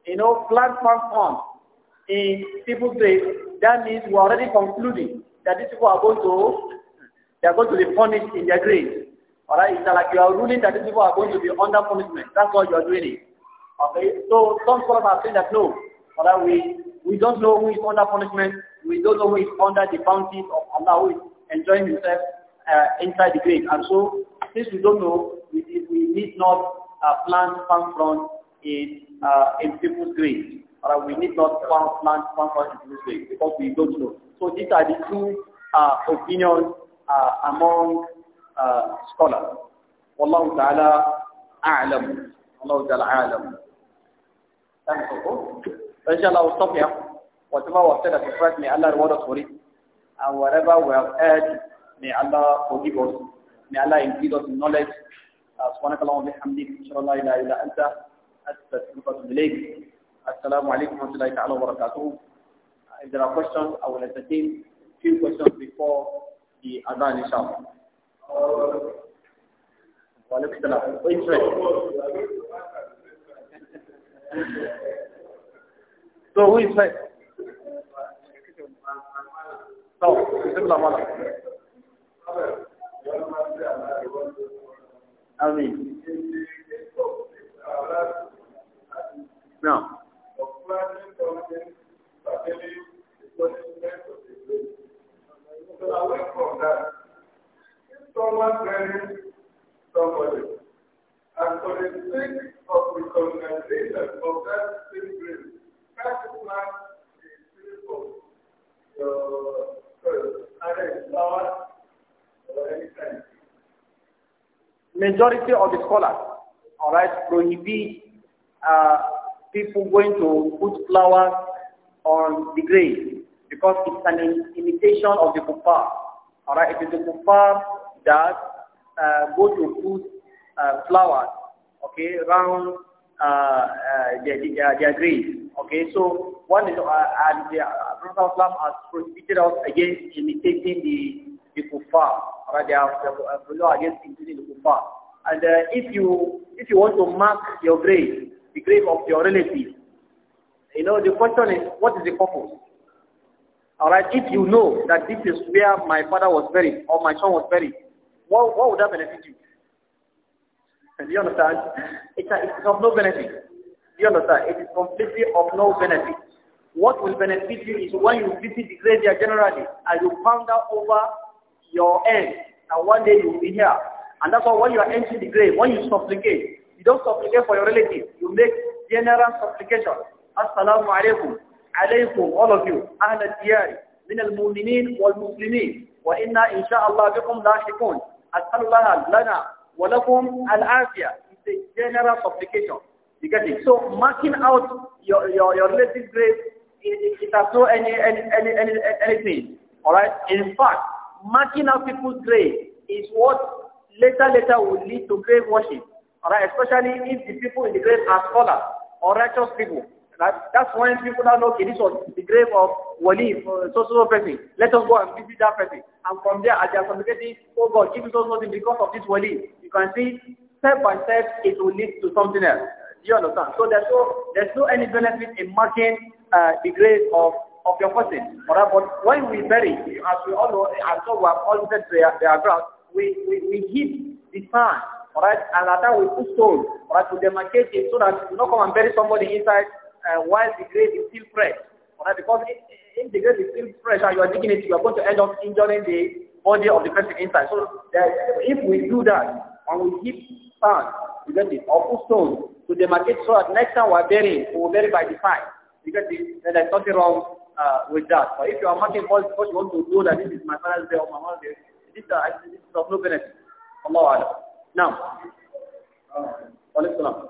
A: you know, plant palm in people's graves, that means we're already concluding that these people are going to, they are going to be punished in their graves. All right, it's like you are ruling that people are going to be under punishment. That's what you are doing it. Okay, so some scholars are saying that no, all right, we we don't know who is under punishment. We don't know who is under the bounties of Allah, who is enjoying himself uh, inside the grave. And so, since we don't know, we, we need not uh, plant palm in uh, in people's graves. All right, we need not plant plant palm in people's graves because we don't know. So these are the two uh, opinions uh, among uh, scholar. Wallahu ta'ala a'lam. Wallahu ta'ala a'lam. Thanks for all. Inshallah, we'll stop here. Whatever was said at the front, may Allah reward us for it. And whatever we have heard, may Allah forgive us. May Allah increase us in knowledge. سبحانك اللهم وبحمدك اشهد ان لا اله الا انت استغفرك واتوب اليك السلام عليكم ورحمه الله تعالى وبركاته if there are questions I will entertain few questions before the adhan inshallah
B: وعليكم
A: السلام وين
B: So who is first? No, Não. Mala. Ameen. Now. Não. someone somebody. And for the sake of the of that the or
A: Majority of the scholars, all right, prohibit uh, people going to put flowers on the grave because it's an imitation of the kuffar. All right, it is the kuffar that uh, go to put uh, flowers, okay, around uh, uh their, their, their graves. Okay, so one is, uh, and the Prophet Islam has prohibited us against imitating the, the kuffar, right? They are, they law uh, against imitating the kuffar. And if you if you want to mark your grave, the grave of your relative, you know the question is what is the purpose? All right, if you know that this is where my father was buried or my son was buried, what, what would that benefit you? Do you understand? It's, it's of no benefit. Do you understand? It is completely of no benefit. What will benefit you is when you visit the graveyard generally and you ponder over your end. And one day you will be here. And that's why when you are entering the grave, when you supplicate, you don't supplicate for your relatives. You make general supplication. Assalamu alaikum, alaykum all of you, أهل الديار من المؤمنين والمسلمين وإنا إن شاء الله بكم لاحقون أسأل الله لنا ولكم العافية It's a general supplication. You get it? So marking out your your, your relative grace, it, it, has no any, any, any, any anything. All right. In fact, marking out people's grave is what later later will lead to grave worship. All right. Especially if the people in the grave are scholars or righteous people. Right? That's why people now know, okay, this was the grave of Wali, uh, so so person. Let us go and visit that person. And from there, as they are communicating, oh God, give me so something because of this Wali. You can see, step by step, it will lead to something else. Do you understand? So there's no, there's no any benefit in marking uh, the grave of of your person. All right? But when we bury, as we all know, as so we have all said their, their ground, we, we, we hit the sand, all right? And at that we put stones, all right, to demarcate it so that you don't come and bury somebody inside uh, while the grave is still fresh. because if the grave is still fresh and you are digging it, you are going to end up injuring the body of the person inside. So if we do that and we keep sand, we get the awful stone to to demarcate so that next time we are burying, we will bury by the fire You get then there's nothing wrong uh, with that. But if you are marking false because you want to do that, this is my father's day or my mother's day, this, uh, this is of no benefit. Allah Allah. Now, uh, Salam.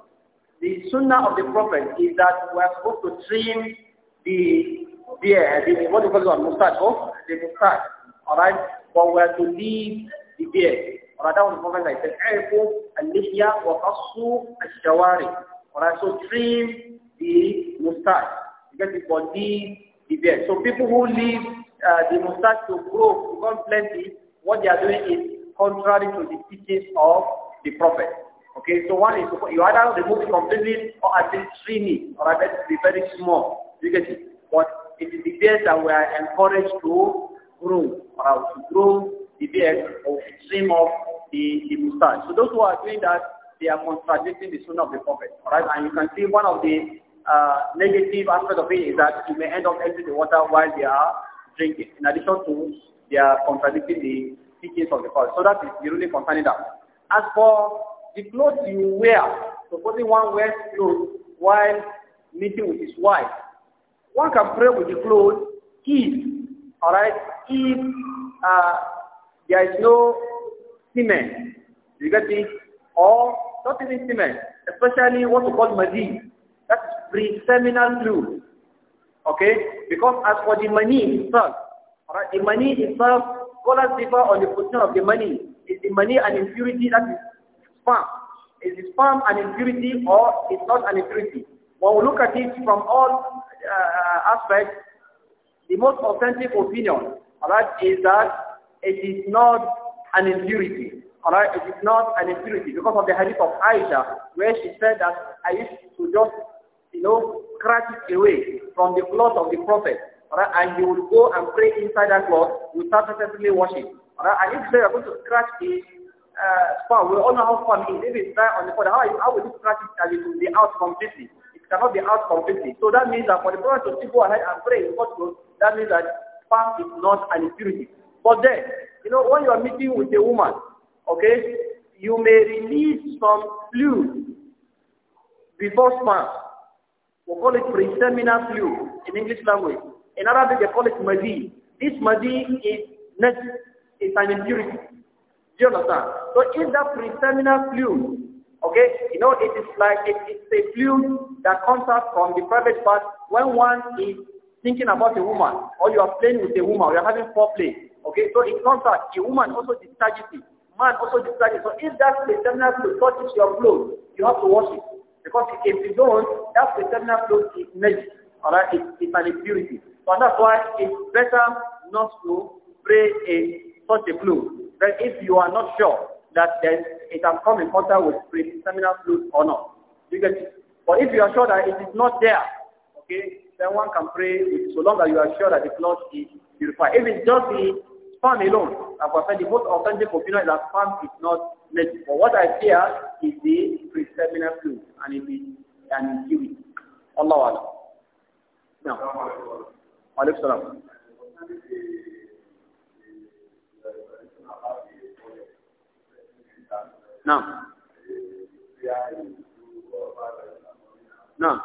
A: the sunnah of the Prophet is that we are supposed to trim the beard, the, what do you call it, mustache, oh? the mustache, alright? But we are to leave the beard. Alright, that was the Prophet that said, Aifu al-lihya wa qassu al-shawari. Alright, so trim the mustache. Because it will leave the beard. So people who leave uh, the mustache to grow, to become plenty, what they are doing is contrary to the teachings of the Prophet. Okay, so one is you either remove it completely or at least trim it, or at least be very small. You get it? But it is the beard that we are encouraged to groom, or to groom the beard or trim off the, the mustache. So those who are doing that, they are contradicting the sunnah of the Prophet. Alright, and you can see one of the uh, negative aspects of it is that you may end up emptying the water while they are drinking. In addition to, they are contradicting the teachings of the Prophet. So that is really concerning that. As for the clothes you wear, supposing one wears clothes while meeting with his wife, one can pray with the clothes if, all right, if uh, there is no semen, you get it, or not even semen, especially what we call mazi, that's pre-seminal fluid, okay? Because as for the money itself, all right, the money itself, scholars differ on the position of the money. Is the money an impurity that is sperm. Is the sperm an impurity or it's not an impurity? When we look at it from all uh, aspects, the most authentic opinion, alright, is that it is not an impurity. Alright, it is not an impurity because of the hadith of Aisha, where she said that I used to just, you know, scratch it away from the cloth of the prophet. Alright, and he would go and pray inside that cloth without necessarily washing. Alright, and if they are going to scratch it, uh, farm. We all know how farm is. If it's dry on the How, how will this practice that it will be out completely? It cannot be out completely. So that means that for the Prophet to still go ahead and pray in Portugal, that means that farm is not an impurity. But then, you know, when you are meeting with a woman, okay, you may release some fluid before sperm. We call it preseminal fluid in English language. In Arabic, they call it madi. This madi is net, it's an impurity you understand? So if that preseminal fluid, okay, you know, it is like it, it's a fluid that comes out from the private part when one is thinking about a woman or you are playing with a woman or you are having foreplay, okay, so it comes out. A woman also discharges it. Man also discharges. So if that preseminal fluid touches your clothes, you have to wash it. Because if you don't, that preseminal fluid is magic. Alright, it, it's an impurity. So that's why it's better not to pray a such a fluid. But if you are not sure that it has come in contact with pre-seminal fluid or not. You But if you are sure that it is not there, okay, then one can pray with, so long as you are sure that the blood is purified. If it's just the sperm alone, I have said, the most authentic opinion is that sperm is not made. But what I fear is the preseminal fluid and it is and it. Allah Allah. Now, Alaykum salam.
B: Now. Now. No.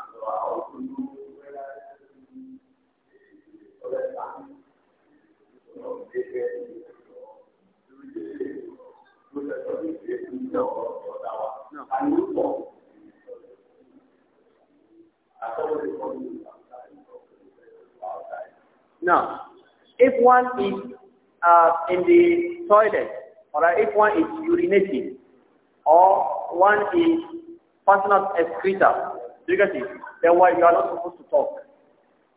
A: No. If one is uh, in the toilet, or if one is urinating, or one is personal excreta. You get it? Then why you are not supposed to talk.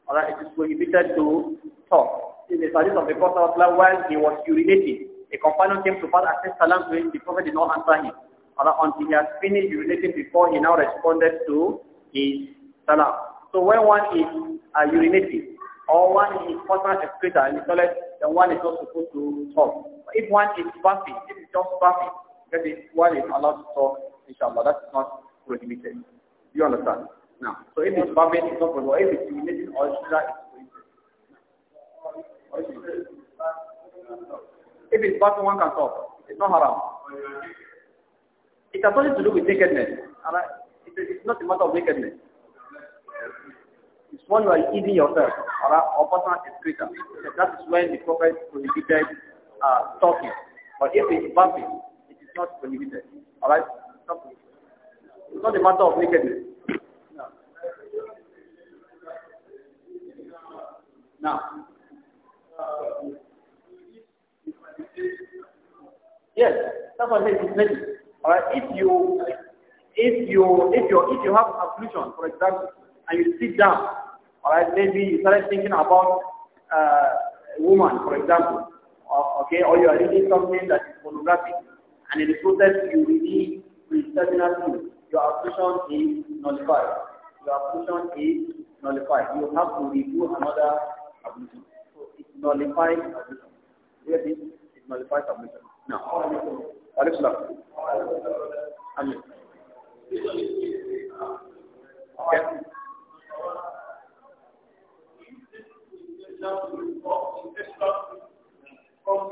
A: Alright, it is prohibited to talk. In the service of the Prophet while he was urinating, a companion came to Prophet and said salam to him. The Prophet did not answer him. Alright, until he had finished urinating before he now responded to his salam. So when one is uh, urinating, or one is personal excreta in the toilet, then one is not supposed to talk. But if one is passing, if it's just passing. Maybe while it's allowed to talk, inshallah, that's not prohibited. Do you understand? Now, so if it's barbed, it's not prohibited. If it's urinating or extra,
B: it's prohibited.
A: If it's barbed, one can talk. It's not haram. It has nothing to do with nakedness. It's not a matter of nakedness. It's one you are eating yourself, a or is greater. That is when the prophet prohibited uh, talking. But if it's bumping, not prohibited. Alright? It's not a matter of nakedness. No. Now. Yes, that's what I said. Alright, if you if you if you if you have affliction, for example, and you sit down, alright, maybe you started thinking about uh, a woman, for example, okay, or you are reading something that is pornographic, and in the process you release preliminary truth, your affliction is nullified. Your affliction is nullified. You have to redo another ablution. So it nullifies ablution. Here it is, it nullifies ablution. Now, Alif Salam.
B: Amen. Okay. Comes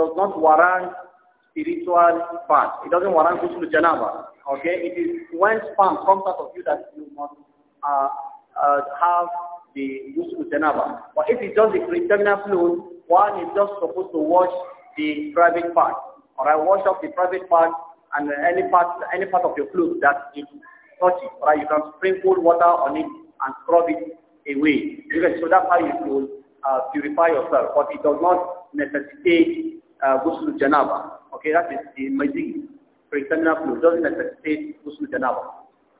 A: does not warrant spiritual part. It doesn't warrant ghusl janaba. Okay, it is when part, comes out of you that you must uh, uh, have the ghusl janaba. But if it's just the preterminal fluid, one is just supposed to wash the private part. All right, wash off the private part and any part, any part of your fluid that is touching. All right, you can sprinkle water on it and scrub it away. Okay, so that's how you will uh, purify yourself. But it does not necessitate uh, ghusl janaba. Okay, that is the majid, pre-terminal flu, doesn't necessitate ghusl janaba.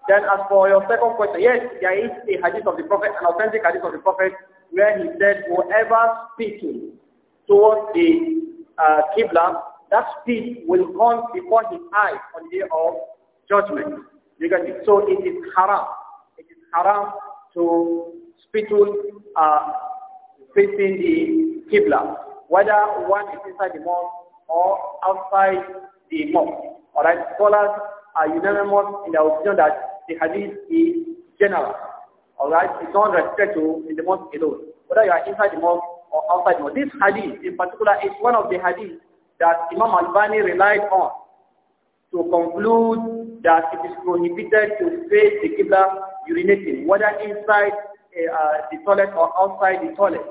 A: Then as for your second question, yes, there is a hadith of the Prophet, an authentic hadith of the Prophet, where he said, whoever speaking towards the uh, Qibla, that speech will come before his eyes on the day of judgment. You get it? So it is haram. It is haram to spittle uh, facing the Qibla whether one is inside the mosque or outside the mosque. Alright, scholars are unanimous in their opinion that the hadith is general. Alright, it's not restricted to in the mosque alone. Whether you are inside the mosque or outside the mosque. This hadith in particular is one of the hadiths that Imam Al-Bani relied on to conclude that it is prohibited to face the Qibla urinating, whether inside eh, uh, the toilet or outside the toilet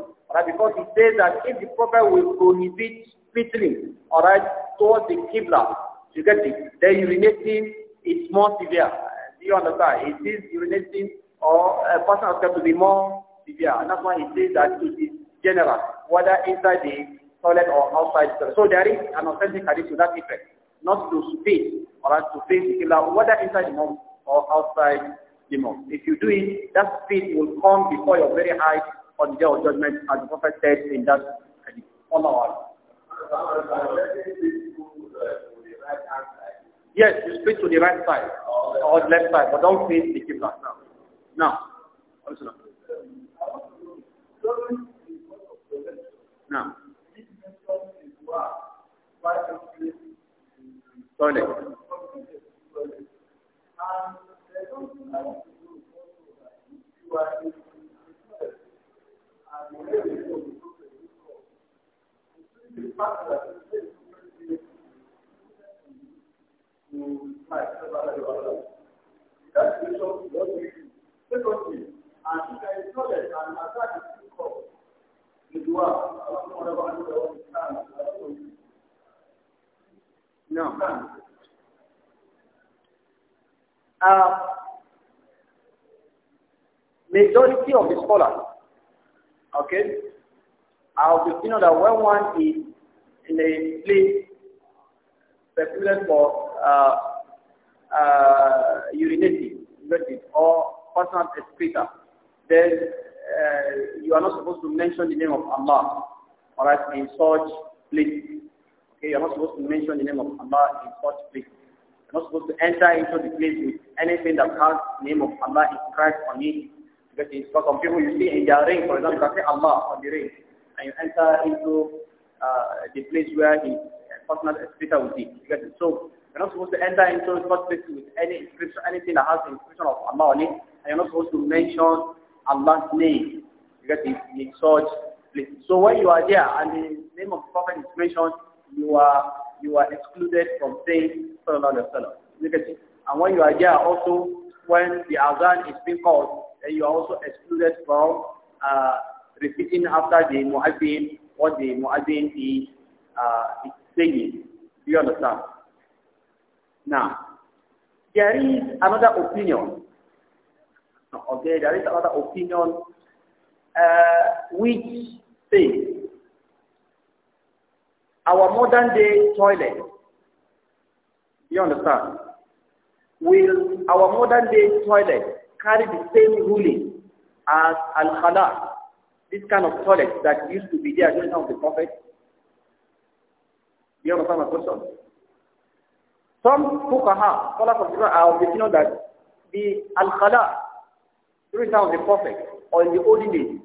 A: because he says that if the Prophet will prohibit spitting, alright, towards the Qibla, you get it, then urinating is more severe. Do you understand? It is urinating or a person has got to be more severe. And that's why he says that it is general, whether inside the toilet or outside the toilet. So there is an authentic hadith to that effect. Not to spit, alright, to face the Qibla, whether inside the mosque or outside the mosque. If you do it, that spit will come before your very eyes on the day of judgment, as the prophet said in that hadith. Allah
B: Yes, you speak to the right side or the left
A: side, but don't face the Qibla now. Now,
B: Now. Toilet. Toilet. No.
A: Uh, majority of the scholars Okay? I'll be, you know that when one is in a place particular for uh, uh, urinating, or personal excreta, then uh, you are not supposed to mention the name of Allah, alright, in such place. Okay, you're not supposed to mention the name of Allah in such place. You're not supposed to enter into the place with anything that has the name of Allah inscribed on it that is, for some people, you see in their ring, for example, you say Allah on the ring, and you enter into uh, the place where the personal scripture will be. Because so you're not supposed to enter into the first place with any inscription, anything that has the inscription of Allah on it, and you're not supposed to mention Allah's name because it's in such place. So when you are there and the name of the Prophet is mentioned, you are you are excluded from saying Sallallahu Alaihi Wasallam. And when you are there also, when the Azan is being called, you also excluded from uh, repeating after the muazzin what the muazzin is, uh, is saying. Do you understand? Now, there is another opinion. Okay, there is another opinion uh, which says our modern day toilet. You understand? Will our modern day toilet carry the same ruling as Al-Khala, this kind of toilet that used to be there during the of the Prophet? Do you understand my question? Some fuqaha, scholars of Quran, are of that the Al-Khala, during the of the Prophet, or in the olden days,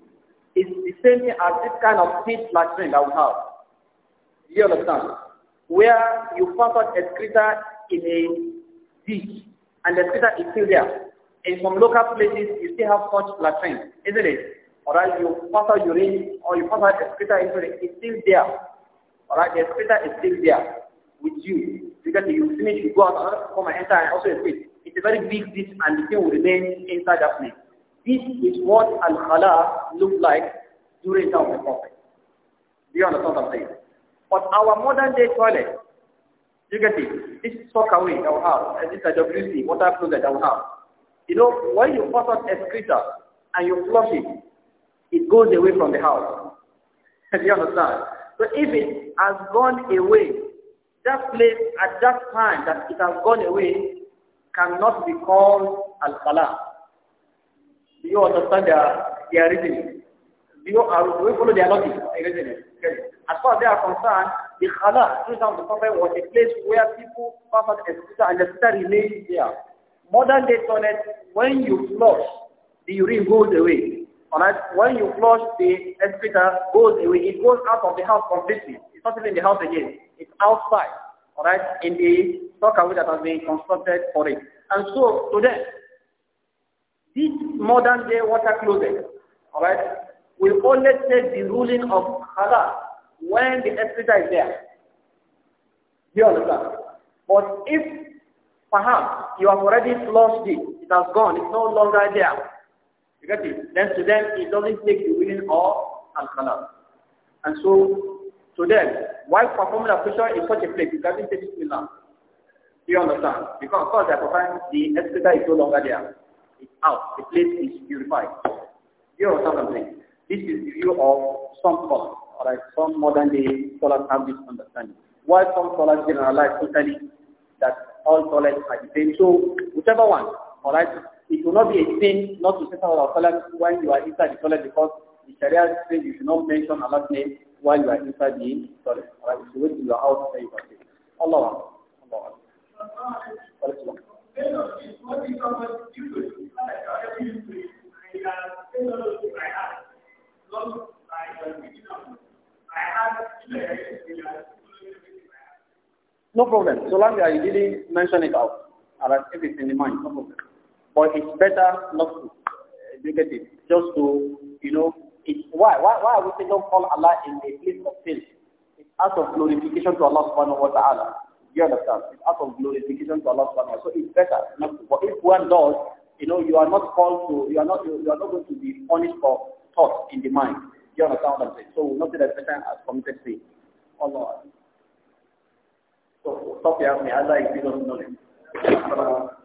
A: is the same thing as this kind of pit latrine that we have. Do you understand? Where you put a excreta in a ditch, and the excreta is still there in some local places, you still have such latrine, isn't it? Alright, you pass out urine or you pass out excreta into it, it's still there. Alright, the excreta is still there with you. Because you finish, you go out, another uh, come and enter and also excrete. It's a very big dish and the thing will remain inside that place. This is what Al-Khala looked like during the time of the Prophet. Do you understand what I'm saying? But our modern day toilet, you get it, this sock away that we have, and this is a WC, water closet that we have, you know, when you pass out excreta and you flush it, it goes away from the house. Do you understand? So if it has gone away, that place at that time that it has gone away cannot be called al-khala. Do you understand their, their reasoning? Do you are, uh, do you follow their logic, their As far as they are concerned, the khala, through the Prophet, was a place where people passed excreta and the star remains there. Modern day toilet, when you flush, the urine goes away. Alright? When you flush, the excreta goes away. It goes out of the house completely. It's not even in the house again. It's outside. Alright? In the stockaway that has been constructed for it. And so, today, this modern day water closet, alright, will only take the ruling of Allah when the excreta is there. Do you understand? But if Perhaps you have already lost it. It has gone. It's no longer there. You get it? Then to them, it doesn't take the willing or al And so, to them, why performing a prayer in such a place? You can't to Bismillah. Do you understand? Because of course they performing, the excreta is no longer there. It's out. The place is purified. You understand what I'm saying? This is the view of some scholars. Alright, some modern day scholars have this understanding. Why some scholars generalize totally that all toilets are the same. So whichever one, all right, it will not be a sin not to say Sallallahu Alaihi Wasallam when you are inside the toilet because the Sharia says you should not mention Allah's name while you are inside the toilet. All right, so wait till you are out, then you can say. Allah Allah
B: Allah. I have
A: no problem. So long as you didn't mention it out, and if it's in mind, no problem. But it's better not to uh, educate it, just to, you know, it's, why, why, why are we saying don't call Allah in a place of sin? It's out of glorification to Allah subhanahu wa ta'ala. You understand? It's out of glorification to Allah subhanahu wa ta'ala. So it's better not to. But if one does, you know, you are not called to, you are not, you, you are not going to be punished for thoughts in the mind. You understand what I'm saying? So nothing as better as committed sin. Allah. So stop here. May Allah
B: give us knowledge.